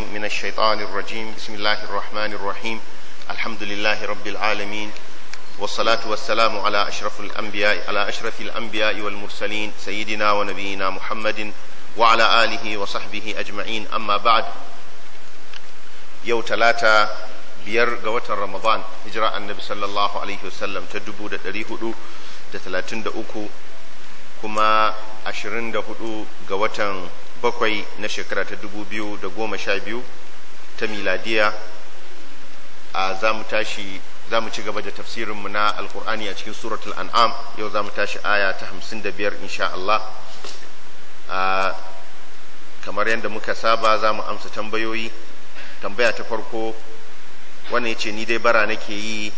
من الشيطان الرجيم بسم الله الرحمن الرحيم الحمد لله رب العالمين والصلاة والسلام على أشرف الأنبياء على أشرف الأنبياء والمرسلين سيدنا ونبينا محمد وعلى آله وصحبه أجمعين أما بعد يو تلاتة بير قوة رمضان إجراء النبي صلى الله عليه وسلم تدبو دريه دو تلاتين دأوكو كما أشرين دهدو قوة bakwai na shekara ta dubu biyu da goma sha biyu ta miladiya a za mu tashi za mu ci gaba da tafsirinmu na alkur'ani a cikin suratul an'am yau za mu tashi aya ta hamsin da biyar insha Allah kamar yadda muka saba za mu amsa tambayoyi tambaya ta farko wani ya ce ni dai bara nake yi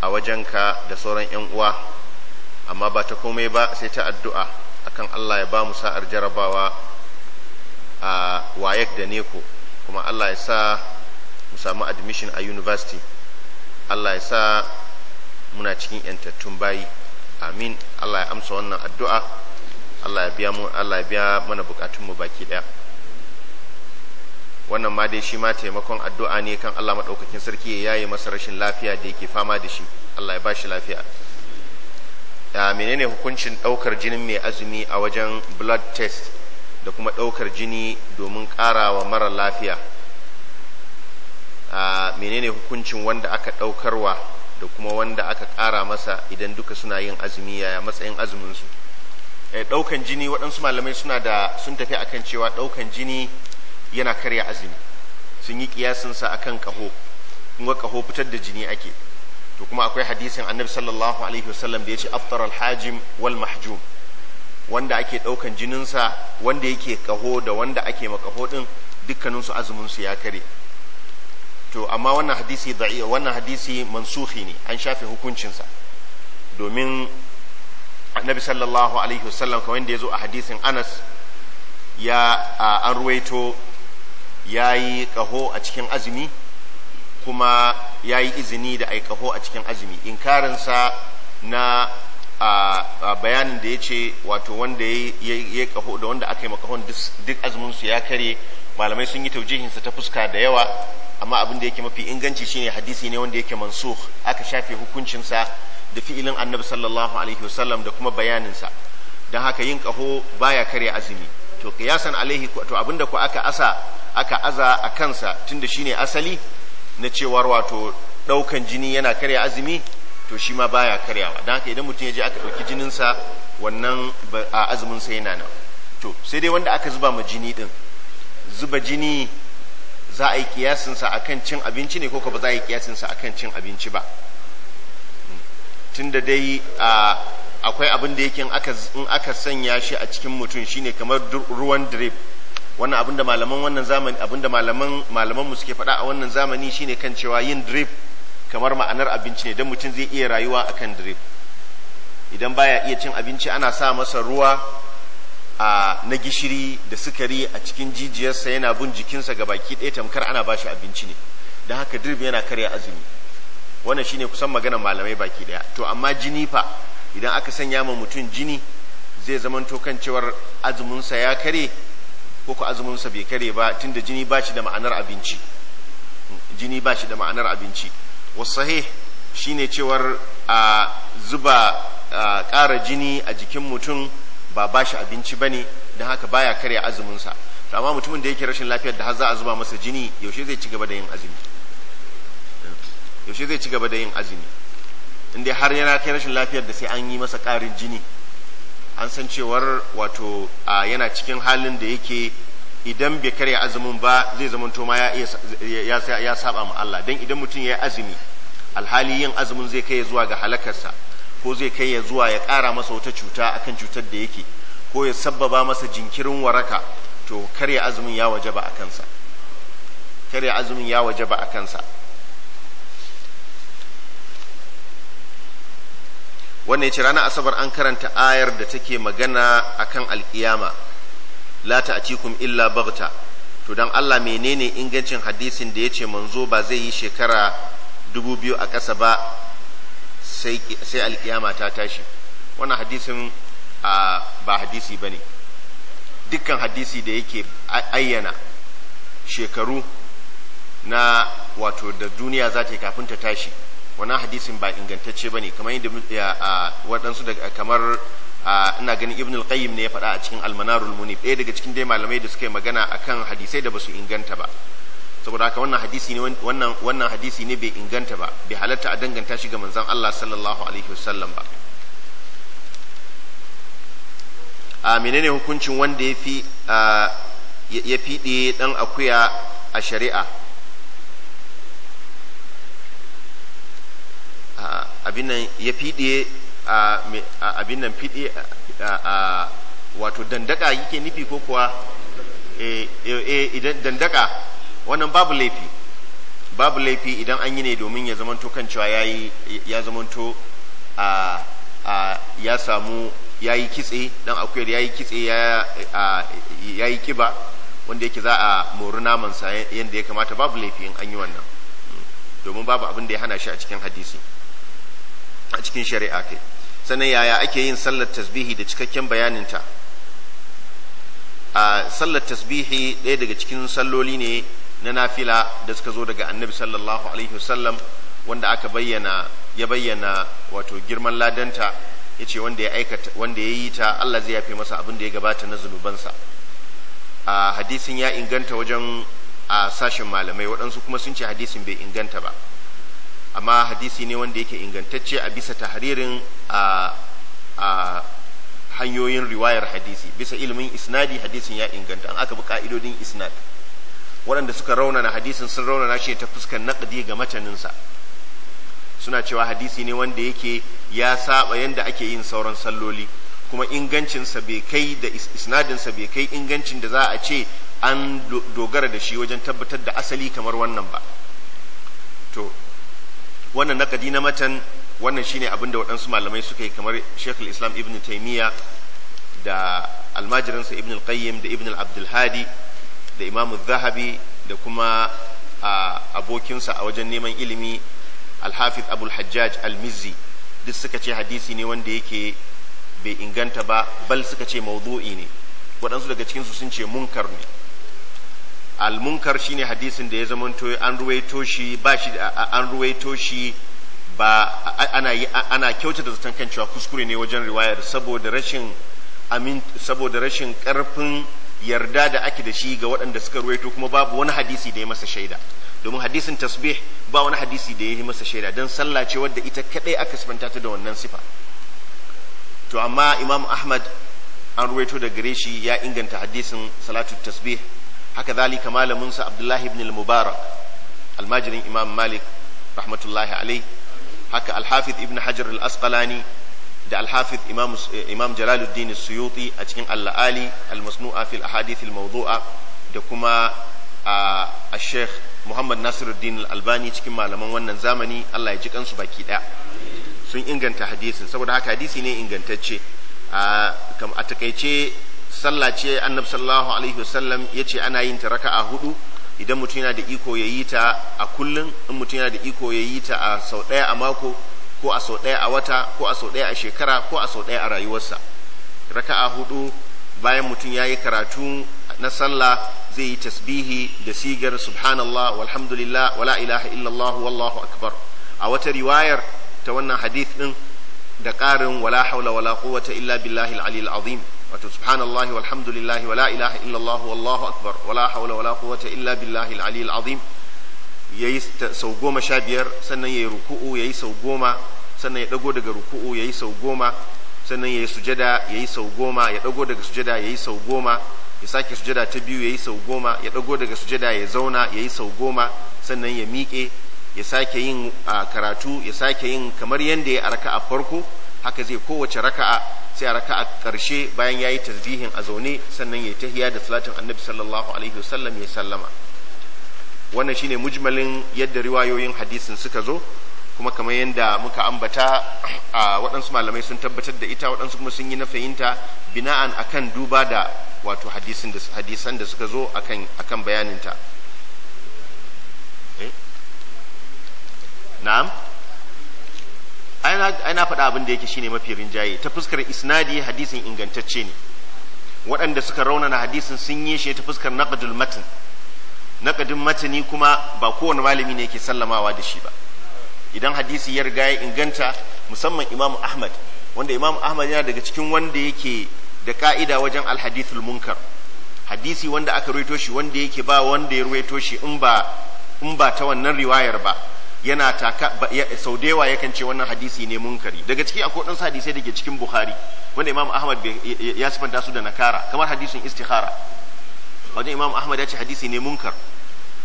a wajenka da sauran 'yan uwa amma ba ta komai ba sai ta addu'a akan Allah ya ba mu sa'ar jarabawa a wayek da neko kuma Allah ya sa mu samu admission a university Allah ya sa muna cikin yantattun bayi amin Allah ya amsa wannan addu'a Allah ya biya mu Allah ya biya mana bukatun mu baki daya wannan ma dai shi ma taimakon addu'a ne kan Allah madaukakin sarki ya yaye masa rashin lafiya da yake fama da shi Allah ya ba shi lafiya A ah, menene hukuncin ɗaukar jinin mai azumi a wajen blood test da kuma ɗaukar jini domin ƙarawa mara lafiya a ah, menene hukuncin wanda aka ɗaukarwa da kuma wanda aka ƙara masa idan duka suna yin azumi yaya matsayin azuminsu eh, ɗaukan jini waɗansu malamai suna da sun tafi akan cewa ɗaukan jini yana karya azumi sun yi ƙiyasinsa akan ƙaho kuma ƙaho fitar da jini ake to kuma akwai hadisin annabi sallallahu alaihi wasallam da ya ce aftar alhajim wal mahjum wanda ake ɗaukan jininsa wanda yake kaho da wanda ake makaho ɗin dukkaninsu azuminsu ya kare to amma wannan hadisi da'i wannan hadisi mansuhi ne an shafe hukuncinsa domin annabi sallallahu alaihi wasallam kamar yadda ya zo a hadisin anas ya an ruwaito ya kaho a cikin azumi kuma ya yi izini da aikaho a cikin azumi inkarinsa na a bayanin da ya ce wato wanda ya kaho da wanda aka yi makahon duk azuminsu ya kare malamai sun yi taujihinsa ta fuska da yawa amma abin da yake mafi inganci shine hadisi ne wanda yake mansuh aka shafe hukuncinsa da fi'ilin annabi sallallahu alaihi wasallam da kuma bayaninsa don haka yin kaho baya kare azumi to kiyasan alaihi to abinda ku aka asa aka aza a kansa tunda shine asali na cewar wato ɗaukan jini yana karya azumi to shi ma baya karyawa don haka idan mutum ya je aka ɗauki jininsa wannan a azuminsa yana nan to sai dai wanda aka zuba ma jini din zuba jini za a yi kiyasinsa a kan cin abinci ne ko ba za a yi kiyasinsa a kan cin abinci ba tunda dai akwai abin da yake in aka sanya shi a cikin mutum shine kamar ruwan drip wannan da malaman wannan zamani da malaman malaman mu suke faɗa a wannan zamani shine kan cewa yin drip kamar ma'anar abinci ne don mutum zai iya rayuwa akan drip idan baya iya cin abinci ana sa masa ruwa a na gishiri da sukari a cikin jijiyarsa yana bin jikinsa ga baki ɗaya tamkar ana bashi abinci ne don haka drip yana karya azumi wannan shine kusan maganar malamai baki ɗaya to amma jini fa idan aka sanya ma mutum jini zai zamanto kan cewar azuminsa ya kare ko ku azumin bai kare ba tunda jini ba shi da ma'anar abinci jini ba shi da ma'anar abinci wasahih shine cewar a zuba ƙara jini a jikin mutum ba ba shi abinci bane don haka baya karya azumin sa amma mutumin da yake rashin lafiyar da har za a zuba masa jini yaushe zai ci da yin azumi yaushe zai ci da yin azumi inda har yana kai rashin lafiyar da sai an yi masa ƙarin jini an san cewar wato a yana cikin halin da yake idan bai karya azumin ba zai zamanto ma ya saba ma Allah don idan mutum ya yi azumi alhali yin azumin zai kai zuwa ga halakarsa ko zai kai ya zuwa ya ƙara masa wata cuta akan cutar da yake ko ya sabbaba masa jinkirin waraka to karya azumin ya waje ba a karya azumin ya waje ba a kansa wannan ce ranar asabar an karanta ayar da take magana akan alkiyama la ta'tikum illa baghta to dan Allah menene ingancin hadisin da yace ce manzo ba zai yi shekara dubu a ƙasa ba sai alkiyama ta tashi wannan hadisin ba hadisi bane dukkan hadisi da yake ayyana shekaru na wato da duniya za ta yi kafin ta tashi wannan hadisin ba ingantacce bane kamar yadda ya waɗansu daga kamar ina ganin ibn al-qayyim ne ya faɗa a cikin al-manarul munib ɗaya daga cikin dai malamai da suka yi magana akan hadisai da basu inganta ba saboda haka wannan hadisi ne wannan wannan hadisi ne bai inganta ba bai halatta a danganta shi ga manzon Allah sallallahu alaihi wasallam ba a menene hukuncin wanda ya fi ya fiɗe ɗan akuya a shari'a abin nan ya fiɗe abin wato dandaka yake nufi ko kuwa eh, eh, eh, idan dandaka wannan babu laifi babu laifi idan an yi ne domin ya zamanto kan cewa ya zamanto ya samu ya yi kitse dan akuyar ya yi kitse ya yi kiba wanda yake za a mori namansa yadda ya kamata babu laifin an yi wannan hmm. domin babu abin da ya hana shi a cikin hadisi a cikin shari'a kai sannan yaya ake yin sallar tasbihi da cikakken bayaninta a sallar tasbihi ɗaya daga cikin salloli ne na nafila da suka zo daga annabi sallallahu alaihi wasallam wanda aka bayyana ya bayyana wato girman ladanta ya ce wanda ya aikata wanda ya yi ta Allah zai yafe masa abin da ya gabata na zunubansa a hadisin ya inganta wajen a sashen malamai waɗansu kuma sun ce hadisin bai inganta ba amma hadisi ne wanda yake ingantacce a bisa tahririn a hanyoyin riwayar hadisi bisa ilimin isnadi hadisin ya inganta an aka bi ka'idodin isnad waɗanda suka raunana hadisin sun raunana shi ta fuskar naƙadi ga mataninsa suna cewa hadisi ne wanda yake ya saba yadda ake yin sauran salloli kuma ingancinsa bai kai da isnadinsa bai kai ingancin da za a ce an dogara da shi wajen tabbatar da asali kamar wannan ba wannan nakadi na matan wannan shine abin da waɗansu malamai suka yi kamar shekul islam ibn taimiyya da almajiransa ibn al-qayyim da ibn al-abdulhadi da imam zahabi da kuma abokinsa a wajen neman ilimi alhafiz abul hajjaj al-mizzi duk suka ce hadisi ne wanda yake bai inganta ba bal suka ce mawdu'i ne waɗansu daga cikinsu sun ce munkar ne Almunkar shi shine hadisin da ya zamanto an ruwaito shi ba shi an ruwaito shi ba ana ana kyautata zaton kan cewa kuskure ne wajen riwayar saboda rashin saboda rashin karfin yarda da ake da shi ga waɗanda suka ruwaito kuma babu wani hadisi da ya masa shaida domin hadisin tasbih ba wani hadisi da ya yi masa shaida don sallah ce wadda ita kaɗai aka sifanta ta da wannan sifa to amma imam ahmad an ruwaito da gare shi ya inganta hadisin salatu tasbih haka zalika malaminsa abdullahi ibn al-mubarak almajirin imam malik rahmatullahi alai haka alhafiz ibn hajar al-asqalani da Alhafid imam, eh, imam jalaluddin suyuti a cikin al-ali al-masnu'a fil ahadith al-mawdu'a da kuma a sheikh muhammad nasiruddin al-albani cikin malaman wannan zamani allah ya ji kansu baki daya sun inganta hadisin saboda haka hadisi ne ingantacce a takaice sallah ce annabi sallallahu alaihi wasallam ya ce ana yin ta raka'a hudu idan mutum yana da iko ya yi ta a kullum in mutum yana da iko ya yi ta a sau ɗaya a mako ko a sau ɗaya a wata ko a sau ɗaya a shekara ko a sau ɗaya a rayuwarsa raka'a hudu bayan mutum ya yi karatu na sallah zai yi tasbihi da sigar subhanallah walhamdulillah wala ilaha illallah wallahu akbar a wata riwayar ta wannan hadith din da ƙarin wala haula wala quwwata illa billahi al-ali al-azim wato subhanallahi walhamdulillahi wala ilaha illallah wallahu akbar wala hawla wala quwwata illa billahi al-ali azim yayi sau goma sha biyar sannan yayi ruku'u yayi sau goma sannan ya dago daga ruku'u yayi sau goma sannan yayi sujada yayi sau goma ya dago daga sujada yayi sau goma ya sake sujada ta biyu yayi sau goma ya dago daga sujada ya zauna yayi sau goma sannan ya miƙe ya sake yin karatu ya sake yin kamar yadda ya arka a farko haka zai kowace raka'a sai a raka'a karshe bayan ya yi tasbihin a zaune sannan yayi tahiya da salatin annabi sallallahu alaihi wasallam ya sallama wannan shine mujmalin yadda riwayoyin hadisin suka zo kuma kamar yadda muka ambata a waɗansu malamai sun tabbatar da ita waɗansu kuma sun yi na fahimta bina'an akan duba da wato hadisin da hadisan da suka zo akan akan bayaninta eh? na'am ai na faɗa abin da yake shine mafi rinjaye ta fuskar isnadi hadisin ingantacce ne waɗanda suka raunana hadisin sun yi shi ta fuskar naqdul matn naqdul matni kuma ba kowane malami ne yake sallamawa da shi ba idan hadisi ya riga ya inganta musamman imam ahmad wanda imamu ahmad yana daga cikin wanda yake da ka'ida wajen alhadithul munkar hadisi wanda aka ruwaito shi wanda yake ba wanda ya ruwaito shi in ba in ba ta wannan riwayar ba yana taka sau da yawa yakan ce wannan hadisi ne munkari daga ciki akwai wadansu hadisai ke cikin bukhari wanda imam ahmad ya sifanta su da nakara kamar hadisin istikhara wajen imam ahmad ya ce hadisi ne munkar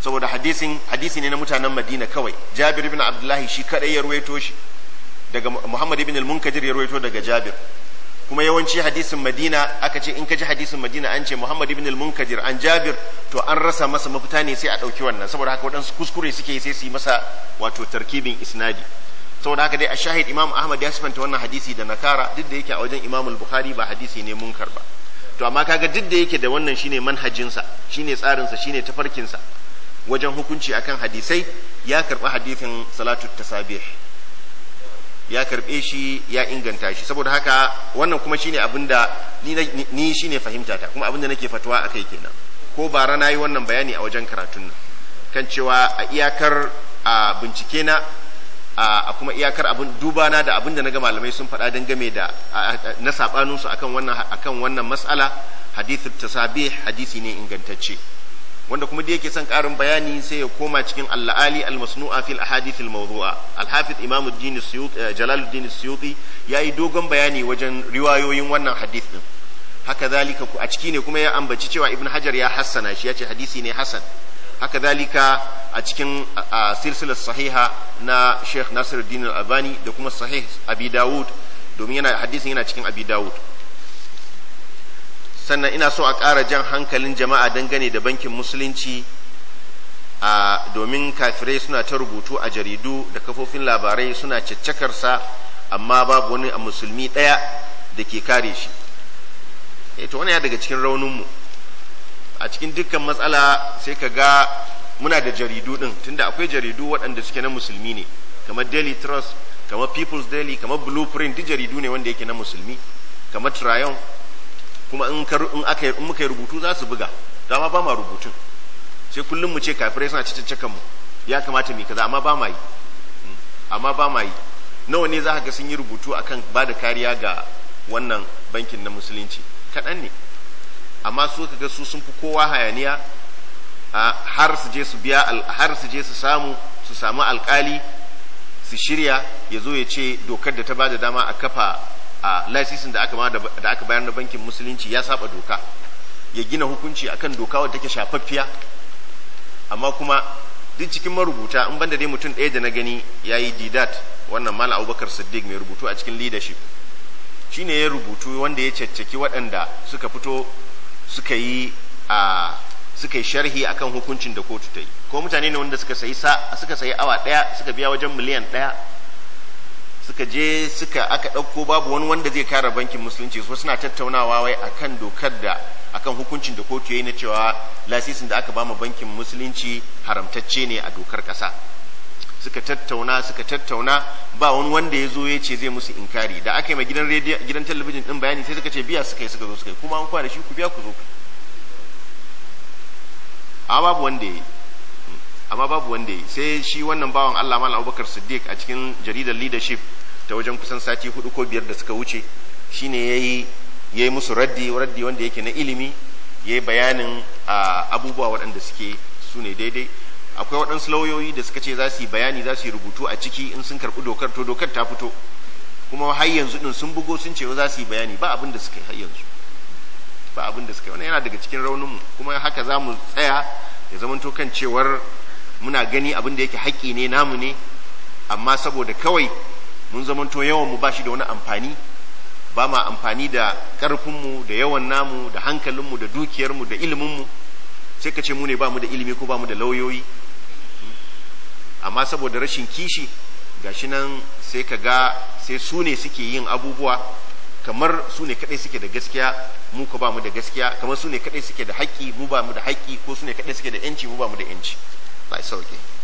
saboda hadisin hadisi ne na mutanen madina kawai jabir ibn abdullahi shi kadai ya ruwaito shi daga muhammad ibn al-munkajir ya ruwaito daga jabir kuma yawanci hadisin madina aka ce in ka ji hadisin madina an ce muhammad ibn al-munkadir an jabir to an rasa masa mafita ne sai a ɗauki wannan saboda haka waɗansu kuskure suke sai su yi masa wato tarkibin isnadi saboda haka dai a shahid imam ahmad ya sifanta wannan hadisi da nakara duk da yake a wajen imam al-bukhari ba hadisi ne munkar ba to amma kaga duk da yake da wannan shine manhajinsa shine tsarinsa shine tafarkinsa wajen hukunci akan hadisai ya karɓi hadisin salatu tasabih ya karbe shi ya inganta shi saboda haka wannan kuma shine abin da ni shine fahimta ta kuma abin da nake fatuwa akai kenan ko bara na yi wannan bayani a wajen karatun nan kan cewa a iyakar a bincike na a kuma iyakar abin duba na da abin da na ga malamai sun faɗa don game da na saɓaninsu akan wannan akan wannan mas'ala hadithu tasabih hadisi ne ingantacce wanda kuma da yake son karin bayani sai ya koma cikin al'ali al-masnu'a fil ahadith al-mawdu'a al-hafiz imam ad-din suyuti eh, jalaluddin suyuti yayi dogon bayani wajen riwayoyin wannan hadith din haka zalika a ciki ne kuma ya ambaci cewa ibn hajar ya hassana shi ya ce hadisi ne hasan haka zalika a cikin silsilar sahiha na sheikh nasiruddin al-albani da kuma sahih abi dawud domin yana hadisin yana cikin abi dawud sannan ina so a ƙara jan hankalin jama'a dangane da bankin musulunci a domin kafirai suna ta rubutu a jaridu da kafofin labarai suna caccakarsa amma babu wani a musulmi ɗaya da ke kare shi eh, to wani ya daga cikin rauninmu a cikin dukkan matsala sai ka ga muna da jaridu ɗin tunda akwai jaridu waɗanda suke na musulmi ne kamar daily trust kamar people's daily kamar blueprint duk jaridu ne wanda yake na musulmi kamar tryon kuma in aka in muka yi rubutu za su buga dama ba ma rubutun sai kullum mu ce kafirai suna ciccikan mu ya kamata mu kaza amma ba ma yi hmm. amma ba ma yi nawa ne za ka ga sun yi rubutu akan ba da kariya ga wannan bankin na musulunci kaɗan ne amma su ka ga su sun fi kowa hayaniya har su je su biya har su je su samu su samu alkali su shirya ya zo ya ce dokar da ta ba da dama a kafa a lasisin da aka aka bayar na bankin musulunci ya saba doka ya gina hukunci akan doka wadda take shafaffiya amma kuma duk cikin marubuta in banda dai mutum ɗaya da na gani ya yi didat wannan mala abubakar siddiq mai rubutu a cikin leadership shi ne ya rubutu wanda ya caccaki waɗanda suka fito suka yi a suka yi sharhi akan hukuncin da kotu ta yi ko mutane ne wanda suka sayi awa ɗaya suka biya wajen miliyan ɗaya suka je suka aka ɗauko babu wani wanda zai kare bankin musulunci su suna tattaunawa wai akan dokar da akan hukuncin da kotu yayi na cewa lasisin da aka bama bankin musulunci haramtacce ne a dokar ƙasa suka tattauna suka tattauna ba wani wanda ya zo ya ce zai musu inkari da aka yi ma gidan rediyo gidan talabijin din bayani sai suka ce biya suka yi suka zo suka yi kuma an kwana shi ku biya ku zo amma babu wanda ya yi amma babu wanda ya yi sai shi wannan bawan Allah Malam Abubakar Siddiq a cikin jaridar leadership ta wajen kusan sati hudu ko biyar da suka wuce shine ya yi musu raddi raddi wanda yake na ilimi ya yi bayanin abubuwa waɗanda suke su ne daidai akwai waɗansu lauyoyi da suka ce za su yi bayani za su yi rubutu a ciki in sun karɓi dokar to dokar ta fito kuma har yanzu din sun bugo sun ce za su yi bayani ba abin da suka yi har yanzu ba abin da suka yi wannan yana daga cikin raunin mu kuma haka za mu tsaya ya zamanto kan cewar muna gani abin da yake haƙƙi ne namu ne amma saboda kawai mun zamanto yawan mu bashi da wani amfani ba ma amfani da ƙarfinmu da yawan namu da hankalinmu da dukiyarmu da iliminmu sai ka ce mu ne ba mu da ilimi ko ba mu da lauyoyi amma saboda rashin kishi gashi nan sai ka ga sai su ne suke yin abubuwa kamar su ne kadai suke da gaskiya mu ko ba mu da gaskiya kamar su ne kadai suke da haƙƙi mu ba mu da haƙƙi ko su ne kadai suke da yanci mu ba mu da yanci ba sauke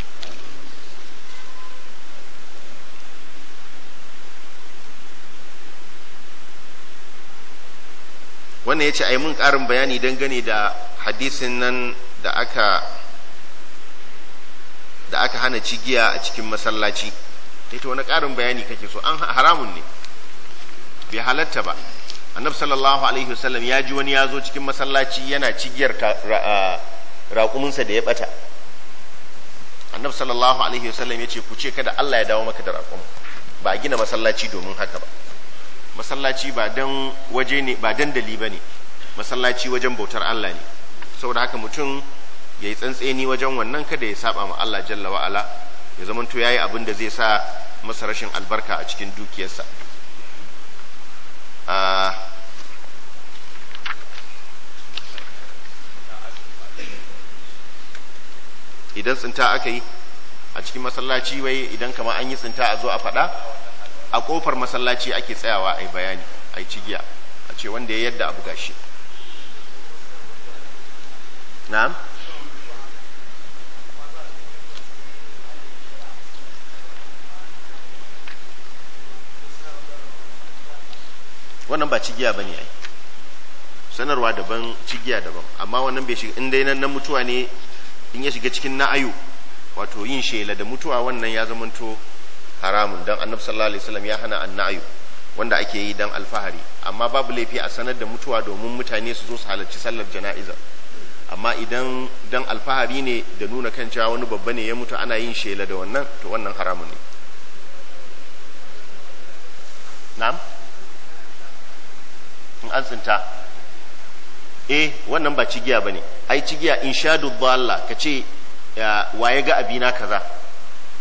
wannan yace ai mun karin bayani gane da hadisin nan da aka da aka hana cigiya a cikin masallaci ita wani karin bayani kake so an haramun ne bai halatta ba annab sallallahu alaihi wasallam ya ji wani ya zo cikin masallaci yana cigiyar raƙuminsa da ya bata annab sallallahu alaihi wasallam ya ce ku ce kada Allah ya dawo maka da raƙumin ba a gina masallaci domin haka ba masallaci ba dan waje ne ba dandali bane masallaci wajen bautar Allah ne saboda haka mutum ya yayi tsantseni wajen wannan kada ya saba ma Allah jalla wa ala ya yi yayi abin da zai sa masa rashin albarka a cikin dukiyarsa ah, idan tsinta aka yi a cikin masallaci wai idan kama an yi tsinta a zo a faɗa a kofar masallaci ake tsayawa a bayani yi cigiya a ce wanda ya yadda abu gashi na'am wannan ba cigiya ba ne sanarwa daban cigiya daban amma wannan bai shiga inda nan na mutuwa ne in ya shiga cikin na'ayu wato yin shela da mutuwa wannan ya zamanto haramun dan annab sallallahu alaihi wasallam ya hana annayu wanda ake yi dan alfahari amma babu laifi a sanar da mutuwa domin mutane su zo su halarci sallar jana'iza amma idan dan alfahari ne da nuna kan cewa wani babba ne ya mutu ana yin shela da wannan to wannan haramun ne na'am in an tsinta eh wannan ba cigiya bane ai cigiya in shadu dhalla kace wa ya ga abina kaza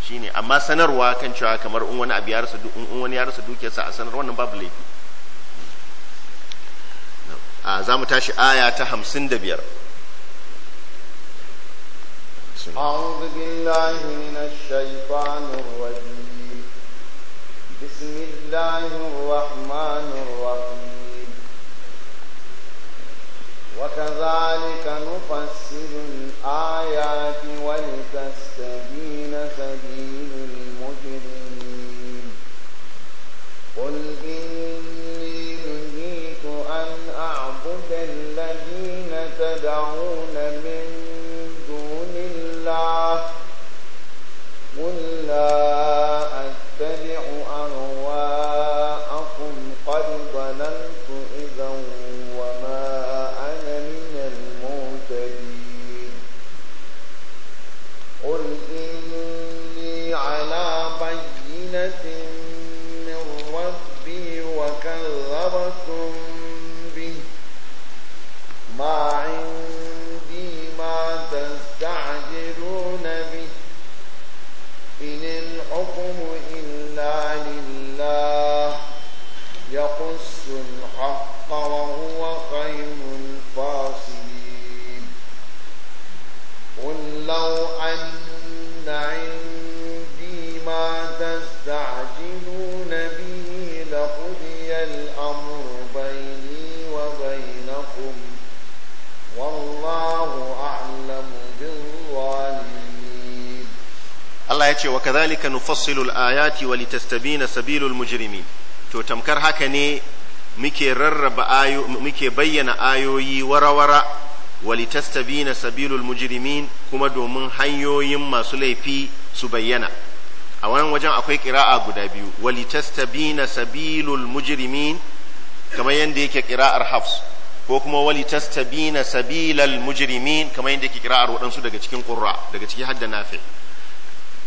shine amma sanarwa kan cewa kamar in wani abu ya rasa in wani ya rasa dukiyarsa a sanar wannan babu laifi a za mu tashi aya ta hamsin da biyar أعوذ بالله من الشيطان الرجيم بسم الله الرحمن الرحيم وكذلك نفسر الآيات ولتستبين سبيل المجرمين قل إني نهيت أن أعبد الذين تدعون من دون الله قل لا أتبع أهواءكم قد ضللت ما عندي ما تستعجلون به إن الحكم إلا لله الحق وهو خير الفاصلين قل لو أن عندي ما تستعجلون ta'ala ya ce wa kadhalika nufassilu al-ayati wa litastabina sabilul mujrimin to tamkar haka ne muke rarraba ayo muke bayyana ayoyi warawara wa litastabina sabilul mujrimin kuma domin hanyoyin masu laifi su bayyana a wannan wajen akwai ƙira'a guda biyu wa litastabina sabilul mujrimin kamar yadda yake ƙira'ar Hafs ko kuma wali tastabina sabilal mujrimin kamar yadda yake kira'ar waɗansu daga cikin ƙurra daga ciki hadda nafi'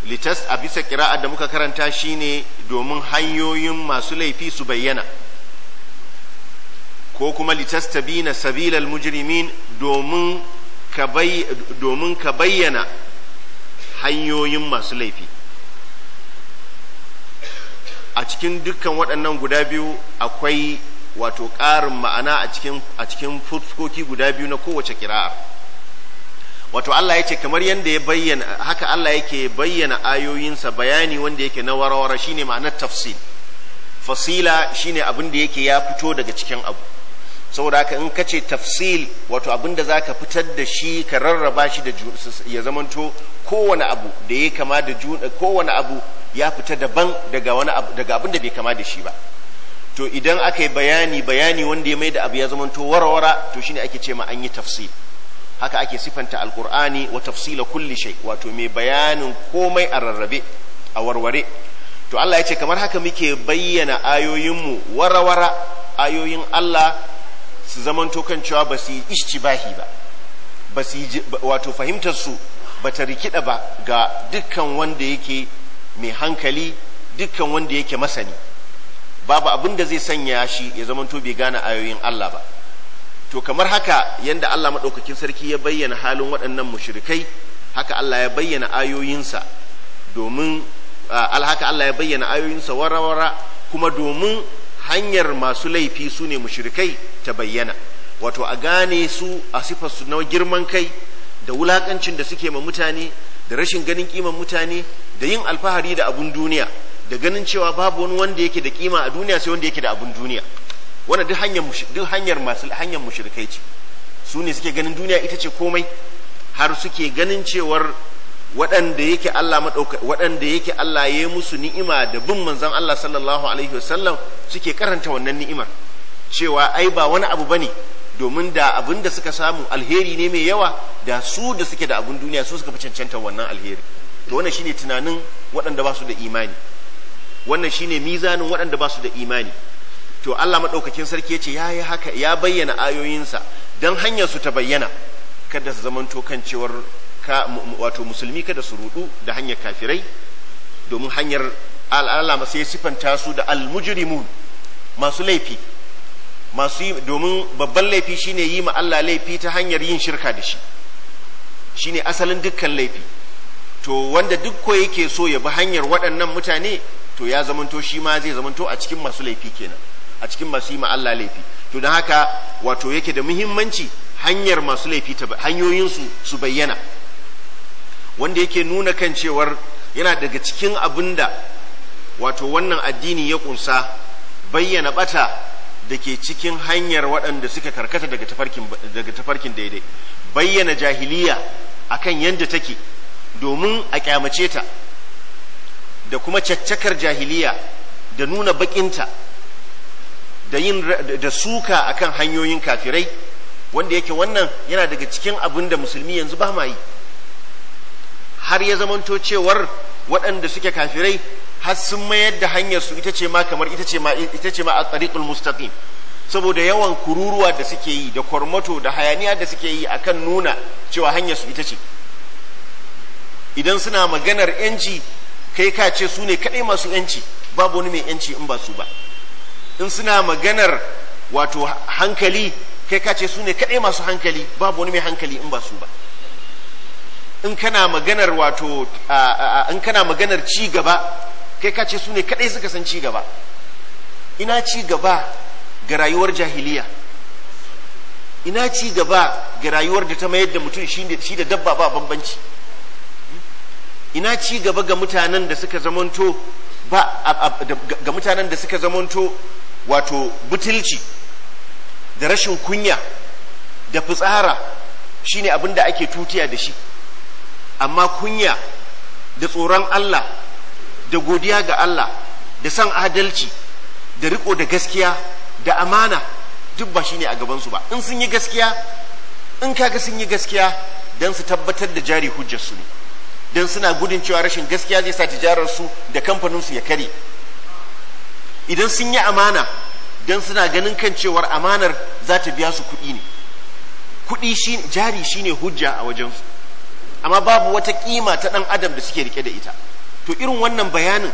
litas a bisa kira'ar da muka karanta shine domin hanyoyin masu laifi su bayyana ko kuma litas ta bina sabilal mujrimin domin ka bayyana hanyoyin masu laifi a cikin dukkan waɗannan guda biyu akwai wato ƙarin ma'ana a cikin fuskoki guda biyu na kowace kira'a wato Allah ya ce kamar yadda ya bayyana haka Allah yake bayyana ayoyinsa bayani wanda yake na warwara shine ma'anar tafsil fasila shine abin da yake ya fito daga cikin abu saboda haka in kace tafsil wato abin da zaka fitar da shi ka rarraba shi da ya zamanto kowane abu da ya kama da kowane abu ya fita daban daga wani abu daga abin da bai kama da shi ba to idan aka yi bayani bayani wanda ya mai da abu ya zamanto warwara to shine ake ce ma an yi tafsil haka ake sifanta alkur'ani wa tafsila kulli shay wato mai bayanin komai a rarrabe a warware to Allah ya ce kamar haka muke bayyana ayoyinmu warawara ayoyin Allah su zamanto kan cewa ba su yi ishtibahi ba ba su wato fahimtar su ba ta rikida ba ga dukkan wanda yake mai hankali dukkan wanda yake masani babu abin da zai sanya shi ya zamanto bai gane ayoyin Allah ba to kamar haka yanda Allah maɗaukakin sarki ya bayyana halin waɗannan mushrikai haka Allah ya bayyana ayoyinsa domin alhaka Allah ya bayyana ayoyinsa warawara kuma domin hanyar masu laifi su ne mushrikai ta bayyana wato a gane su a su na girman kai da wulakancin da suke ma mutane da rashin ganin kiman mutane da yin alfahari da abun duniya da ganin cewa babu wani wanda yake da kima a duniya sai wanda yake da abun duniya wannan duk hanyar duk hanyar masu hanyar mushrikai ce su ne suke ganin duniya ita ce komai har suke ganin cewar waɗanda yake Allah maɗauka waɗanda yake Allah ya yi musu ni'ima da bin manzon Allah sallallahu alaihi wasallam suke karanta wannan ni'imar cewa ai ba wani abu bane domin da abin da suka samu alheri ne mai yawa da su da suke da abin duniya su suka fi cancanta wannan alheri to wannan shine tunanin waɗanda ba su da imani wannan shine mizanin waɗanda ba su da imani to Allah maɗaukakin sarki ya ce ya yi haka ya bayyana ayoyinsa don hanyar su ta bayyana kada su zamanto kan cewar wato musulmi kada su rudu da hanyar kafirai domin hanyar Allah sai ya sifanta su da almujrimun masu laifi masu domin babban laifi shine yi ma Allah laifi ta hanyar yin shirka da shi shine asalin dukkan laifi to wanda duk ko yake so ya bi hanyar waɗannan mutane to ya zamanto shi ma zai zamanto a cikin masu laifi kenan a cikin masu yi ma Allah laifi to don haka wato yake da muhimmanci hanyar masu laifi ta hanyoyin su bayyana wanda yake nuna kan cewar yana daga cikin abin da wato wannan addini ya kunsa bayyana bata da ke cikin hanyar waɗanda suka karkata daga tafarkin daidai bayyana jahiliya a kan yadda take domin a kyamace ta da kuma caccakar jahiliya da nuna bakinta da yin da suka akan hanyoyin kafirai wanda yake wannan yana daga cikin abin da musulmi yanzu ba ma yi har ya zamanto cewar waɗanda suke kafirai har sun mayar da hanyar su ita ce ma kamar ita ce ma ita ce ma a tsariƙul mustaqim saboda yawan kururuwa da suke yi da kwarmato da hayaniya da suke yi akan nuna cewa hanyar su ita ce idan suna maganar yanci kai ka ce su ne kaɗai masu yanci babu wani mai yanci in ba su ba in suna maganar wato hankali kai ka ce su ne kaɗai masu hankali babu wani mai hankali in ba su ba in kana maganar wato in kana maganar ci gaba kai ka ce su ne kaɗai suka san ci gaba ina ci gaba ga rayuwar jahiliya ina ci gaba ga rayuwar da ta mayar da mutum shi da dabba ba bambanci ina ci gaba ga mutanen da suka zamanto ba ga mutanen da suka zamanto wato butulci da rashin kunya da fitsara shine abin da ake tutiya da shi amma kunya da tsoron Allah da godiya ga Allah da san adalci da riko da gaskiya da amana duk ba shi ne a gabansu ba in sun yi gaskiya in kaga sun yi gaskiya don su tabbatar da jari hujjarsu ne don suna gudun cewa rashin gaskiya zai sa tijararsu da kamfaninsu ya kare idan sun yi amana don suna ganin kan cewar amanar za ta biya su kuɗi ne kuɗi shi jari shi ne hujja a wajensu amma babu wata ƙima ta ɗan adam da suke rike da ita to irin wannan bayanin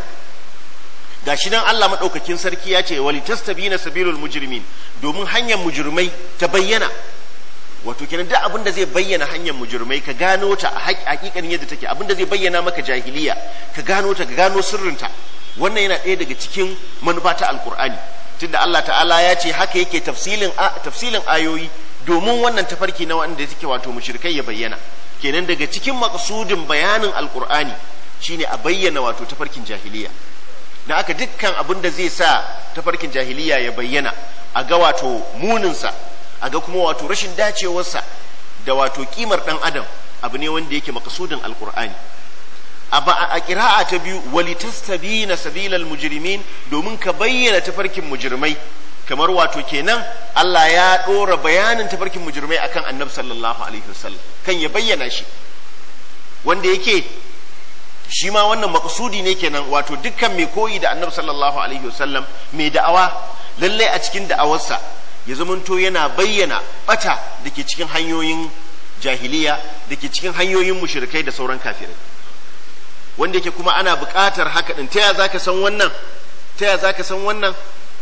ga shi nan Allah maɗaukakin sarki ya ce wali tastabina sabilul mujrimin domin hanyar mujrimai ta bayyana wato kenan duk abin da zai bayyana hanyar mujrimai ka gano ta a hakikanin yadda take abin da zai bayyana maka jahiliya ka gano ta ka gano sirrinta wannan yana ɗaya daga cikin manufa ta alkur'ani tunda Allah ta'ala ya ce haka yake tafsilin tafsilin ayoyi domin wannan tafarki na wanda yake wato mushrikai ya bayyana kenan daga cikin maqsudin bayanin alkur'ani shine a bayyana wato tafarkin jahiliya na aka dukkan abin da zai sa tafarkin jahiliya ya bayyana a ga wato muninsa a ga kuma wato rashin dacewarsa da wato kimar dan adam abu ne wanda yake makasudin alkur'ani a kira'a ta biyu sabina sabilal mujrimin domin ka bayyana tafarkin mujrimai kamar wato kenan Allah ya ɗora bayanin tafarkin mujrimai akan annabi sallallahu alaihi wasallam kan ya bayyana shi wanda yake shi ma wannan makasudi ne kenan wato dukkan mai koyi da annabi sallallahu alaihi wasallam mai da'awa lallai a cikin da'awarsa ya zamanto yana bayyana bata da ke cikin hanyoyin jahiliya da ke cikin hanyoyin mushirikai da sauran kafirai wanda yake kuma ana buƙatar haka din taya zaka san wannan taya zaka san wannan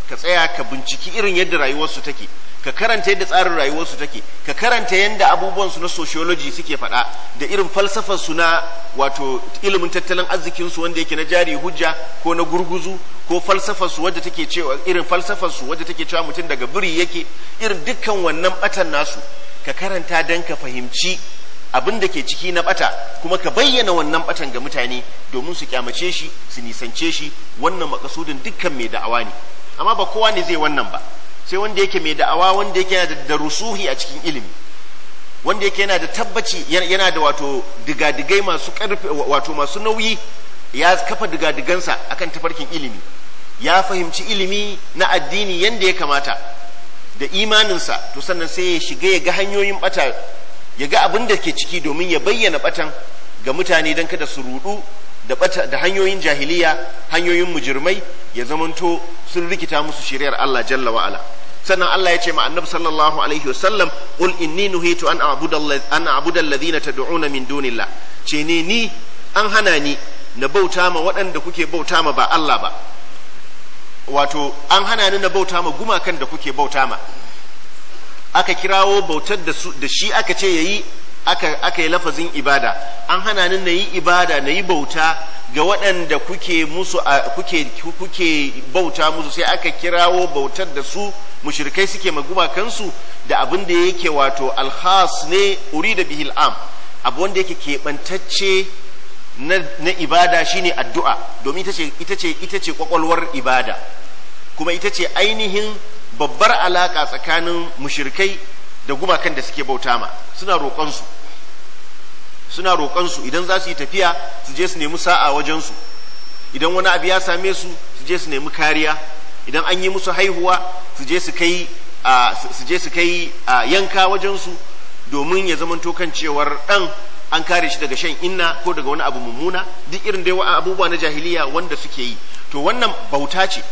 ka tsaya ka binciki irin yadda rayuwarsu take ka karanta yadda tsarin rayuwarsu take ka karanta yadda abubuwansu na sociology suke faɗa da irin falsafarsu na wato ilimin tattalin arzikinsu wanda yake na jari hujja ko na gurguzu ko falsafarsu wadda take cewa irin falsafarsu wadda take cewa mutum daga biri yake irin dukkan wannan batan nasu ka karanta don ka fahimci abin da ke ciki na bata kuma ka bayyana wannan batan ga mutane domin su kyamace shi su nisance shi wannan makasudin dukkan mai da'awa ne amma ba kowa ne zai wannan ba sai wanda yake mai da'awa wanda yake yana da rusuhi a cikin ilimi wanda yake yana da tabbaci yana da wato digadigai masu karfi wato masu nauyi ya kafa digadigansa akan tafarkin ilimi ya fahimci ilimi na addini yanda ya kamata da imaninsa to sannan sai ya shiga ya ga hanyoyin bata ya ga abin da ke ciki domin ya bayyana batan ga mutane don kada su rudu da hanyoyin jahiliya hanyoyin mujirmai ya zamanto sun rikita musu shiriyar Allah jalla wa'ala sannan Allah ya ce ma annabi sallallahu alaihi wasallam qul inni nuhitu an a'budu an a'budu alladhina tad'una min dunillah ce ne ni an hana ni na bauta ma waɗanda kuke bauta ma ba Allah ba wato an hana ni na bauta ma gumakan da kuke bauta ma aka kirawo bautar da shi aka ce ya yi aka yi lafazin ibada an hana ni na yi ibada na yi bauta ga waɗanda kuke musu kuke kuke bauta musu sai aka kirawo bautar da su mushrikai suke maguma kansu da abin da yake wato alhas ne uri da bihil am abu wanda yake keɓantacce na ibada shine addu'a domin ita ita ita ce kwakwalwar ibada kuma ita ce ainihin babbar alaka tsakanin mushirkai da gumakan da suke bauta ma suna roƙonsu suna roƙonsu idan za su yi tafiya su je su nemi sa'a wajensu idan wani abu ya same su su je su nemi kariya idan an yi musu haihuwa su je su kai su je su kai yanka wajensu domin ya zamanto kan cewar ɗan an kare shi daga shan inna ko daga wani abu mummuna duk irin dai abubuwa na jahiliya wanda suke yi to wannan bauta ce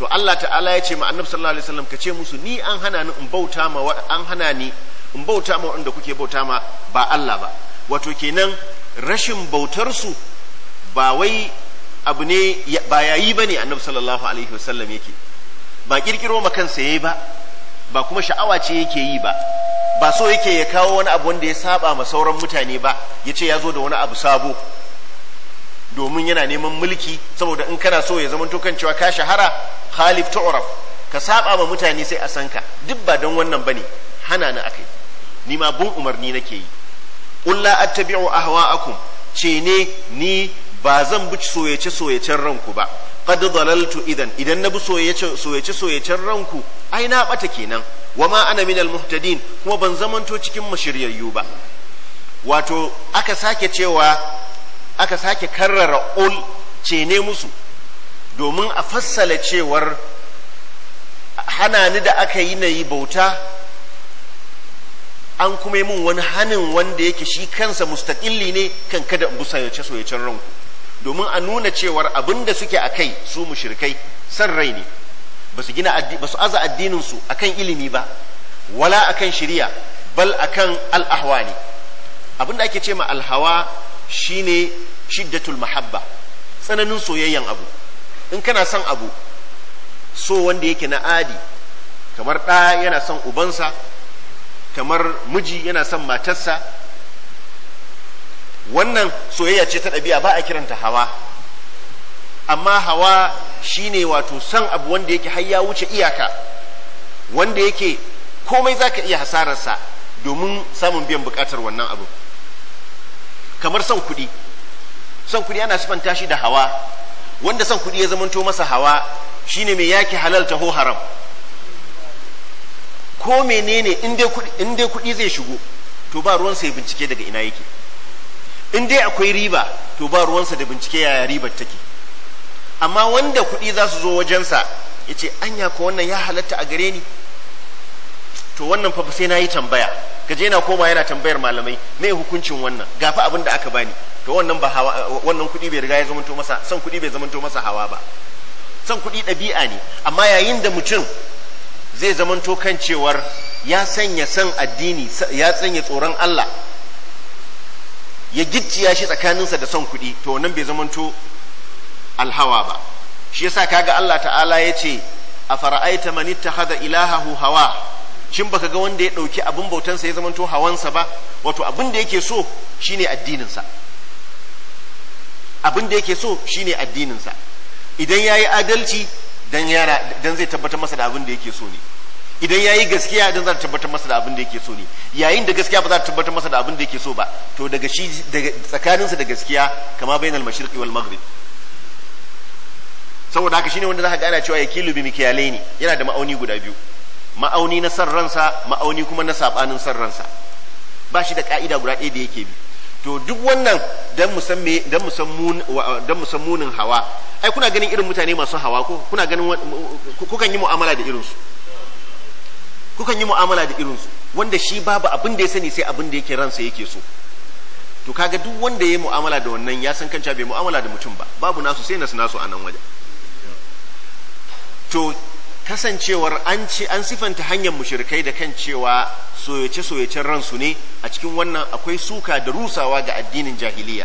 to Allah ta'ala ya ce ma annabi sallallahu alaihi wasallam ka ce musu ni an hana ni in bauta ma an hana ni in bauta ma wanda kuke bauta ma ba Allah ba wato kenan rashin bautar su ba wai abu ne ba yayi bane annabi sallallahu alaihi wasallam yake ba kirkiro ma kansa yayi ba ba kuma sha'awa ce yake yi ba ba so yake ya kawo wani abu wanda ya saba ma sauran mutane ba ya ce ya zo da wani abu sabo domin yana neman mulki saboda in kana so ya zama kan cewa ka shahara khalif tu'raf ka saba ma mutane sai a san duk ba don wannan bane hana ni akai ni ma bin umarni nake yi qul la attabi'u ahwa'akum ce ne ni ba zan bi soyace soyacen ranku ba qad dalaltu idan idan na bi soyace soyace soyacen ranku ai na bata kenan wama ana minal muhtadin kuma ban zamanto cikin mashiryayyu ba wato aka sake cewa aka sake karrara ul ce ne musu domin a fassala cewar hana ni da aka yi na yi bauta an kuma yi mun wani hannun wanda yake shi kansa mustaƙilli ne kan kada busayace soyacen ranku domin a nuna cewar abin da suke a kai su mushrikai san rai ne ba su gina ba su aza addininsu akan ilimi ba wala akan shiriya bal akan al'ahwa ne abin da ake ce ma alhawa shine shiddatul mahabba tsananin soyayyen abu in kana son abu so wanda yake na adi kamar ɗa yana son ubansa kamar miji yana son matarsa wannan soyayya ce ta ɗabi'a ba a kiranta hawa amma hawa shine wato son abu wanda yake har ya wuce iyaka wanda yake komai za ka iya hasararsa domin samun biyan bukatar wannan abu kamar son kuɗi son kuɗi ana sifanta shi da hawa wanda son kuɗi ya zamanto masa hawa shine mai yaki halal ho haram ko menene in dai kuɗi zai shigo to ba sa ya bincike daga ina yake in dai akwai riba to ba ruwansa da bincike yaya ribar take amma wanda kuɗi za su zo wajensa ya ce anya ko wannan ya halatta a gare ni to wannan fa sai na yi tambaya gaje yana koma yana tambayar malamai me hukuncin wannan gafa abin da aka bani to wannan ba hawa wannan kuɗi bai riga ya zamanto masa san kuɗi bai zamanto masa hawa ba san kuɗi ɗabi'a ne amma yayin da mutum zai zamanto kan cewar ya sanya san addini ya sanya tsoron Allah ya gicciya shi tsakaninsa da son kuɗi to nan bai zamanto alhawa ba shi yasa kaga Allah ta'ala ya ce a fara'aita man ittakhadha ilahahu hawa shin baka ga wanda ya ɗauki abin bautansa ya zamanto hawansa ba wato abin da yake so shine addininsa abin da yake so shine addininsa idan ya yi adalci dan dan zai tabbatar masa da abin da yake so ne idan ya yi gaskiya dan za ta tabbatar masa da abin da yake so ne yayin da gaskiya ba za ta tabbatar masa da abin da yake so ba to daga shi daga tsakaninsa da gaskiya kama bainal mashriqi wal maghrib saboda haka shine wanda za ka gana cewa yakilu bi mikyalaini yana da ma'auni guda biyu ma'auni na san ransa ma'auni kuma na sabanin san ransa ba shi da ka'ida guda ɗaya da yake bi to duk wannan dan me dan mun dan munin hawa ai kuna ganin irin mutane masu hawa ko kuna ganin kukan yi mu'amala da irinsu kukan yi mu'amala da irinsu wanda shi babu abin da ya sani sai abin da yake ransa yake so to kaga duk wanda ya yi mu'amala da wannan ya san kanta bai mu'amala da mutum ba babu nasu sai nasu nasu a nan wajen to kasancewar an ce an sifanta hanyar mushrikai da kan cewa soyace-soyacen ransu ne a cikin wannan akwai suka da rusawa ga addinin jahiliya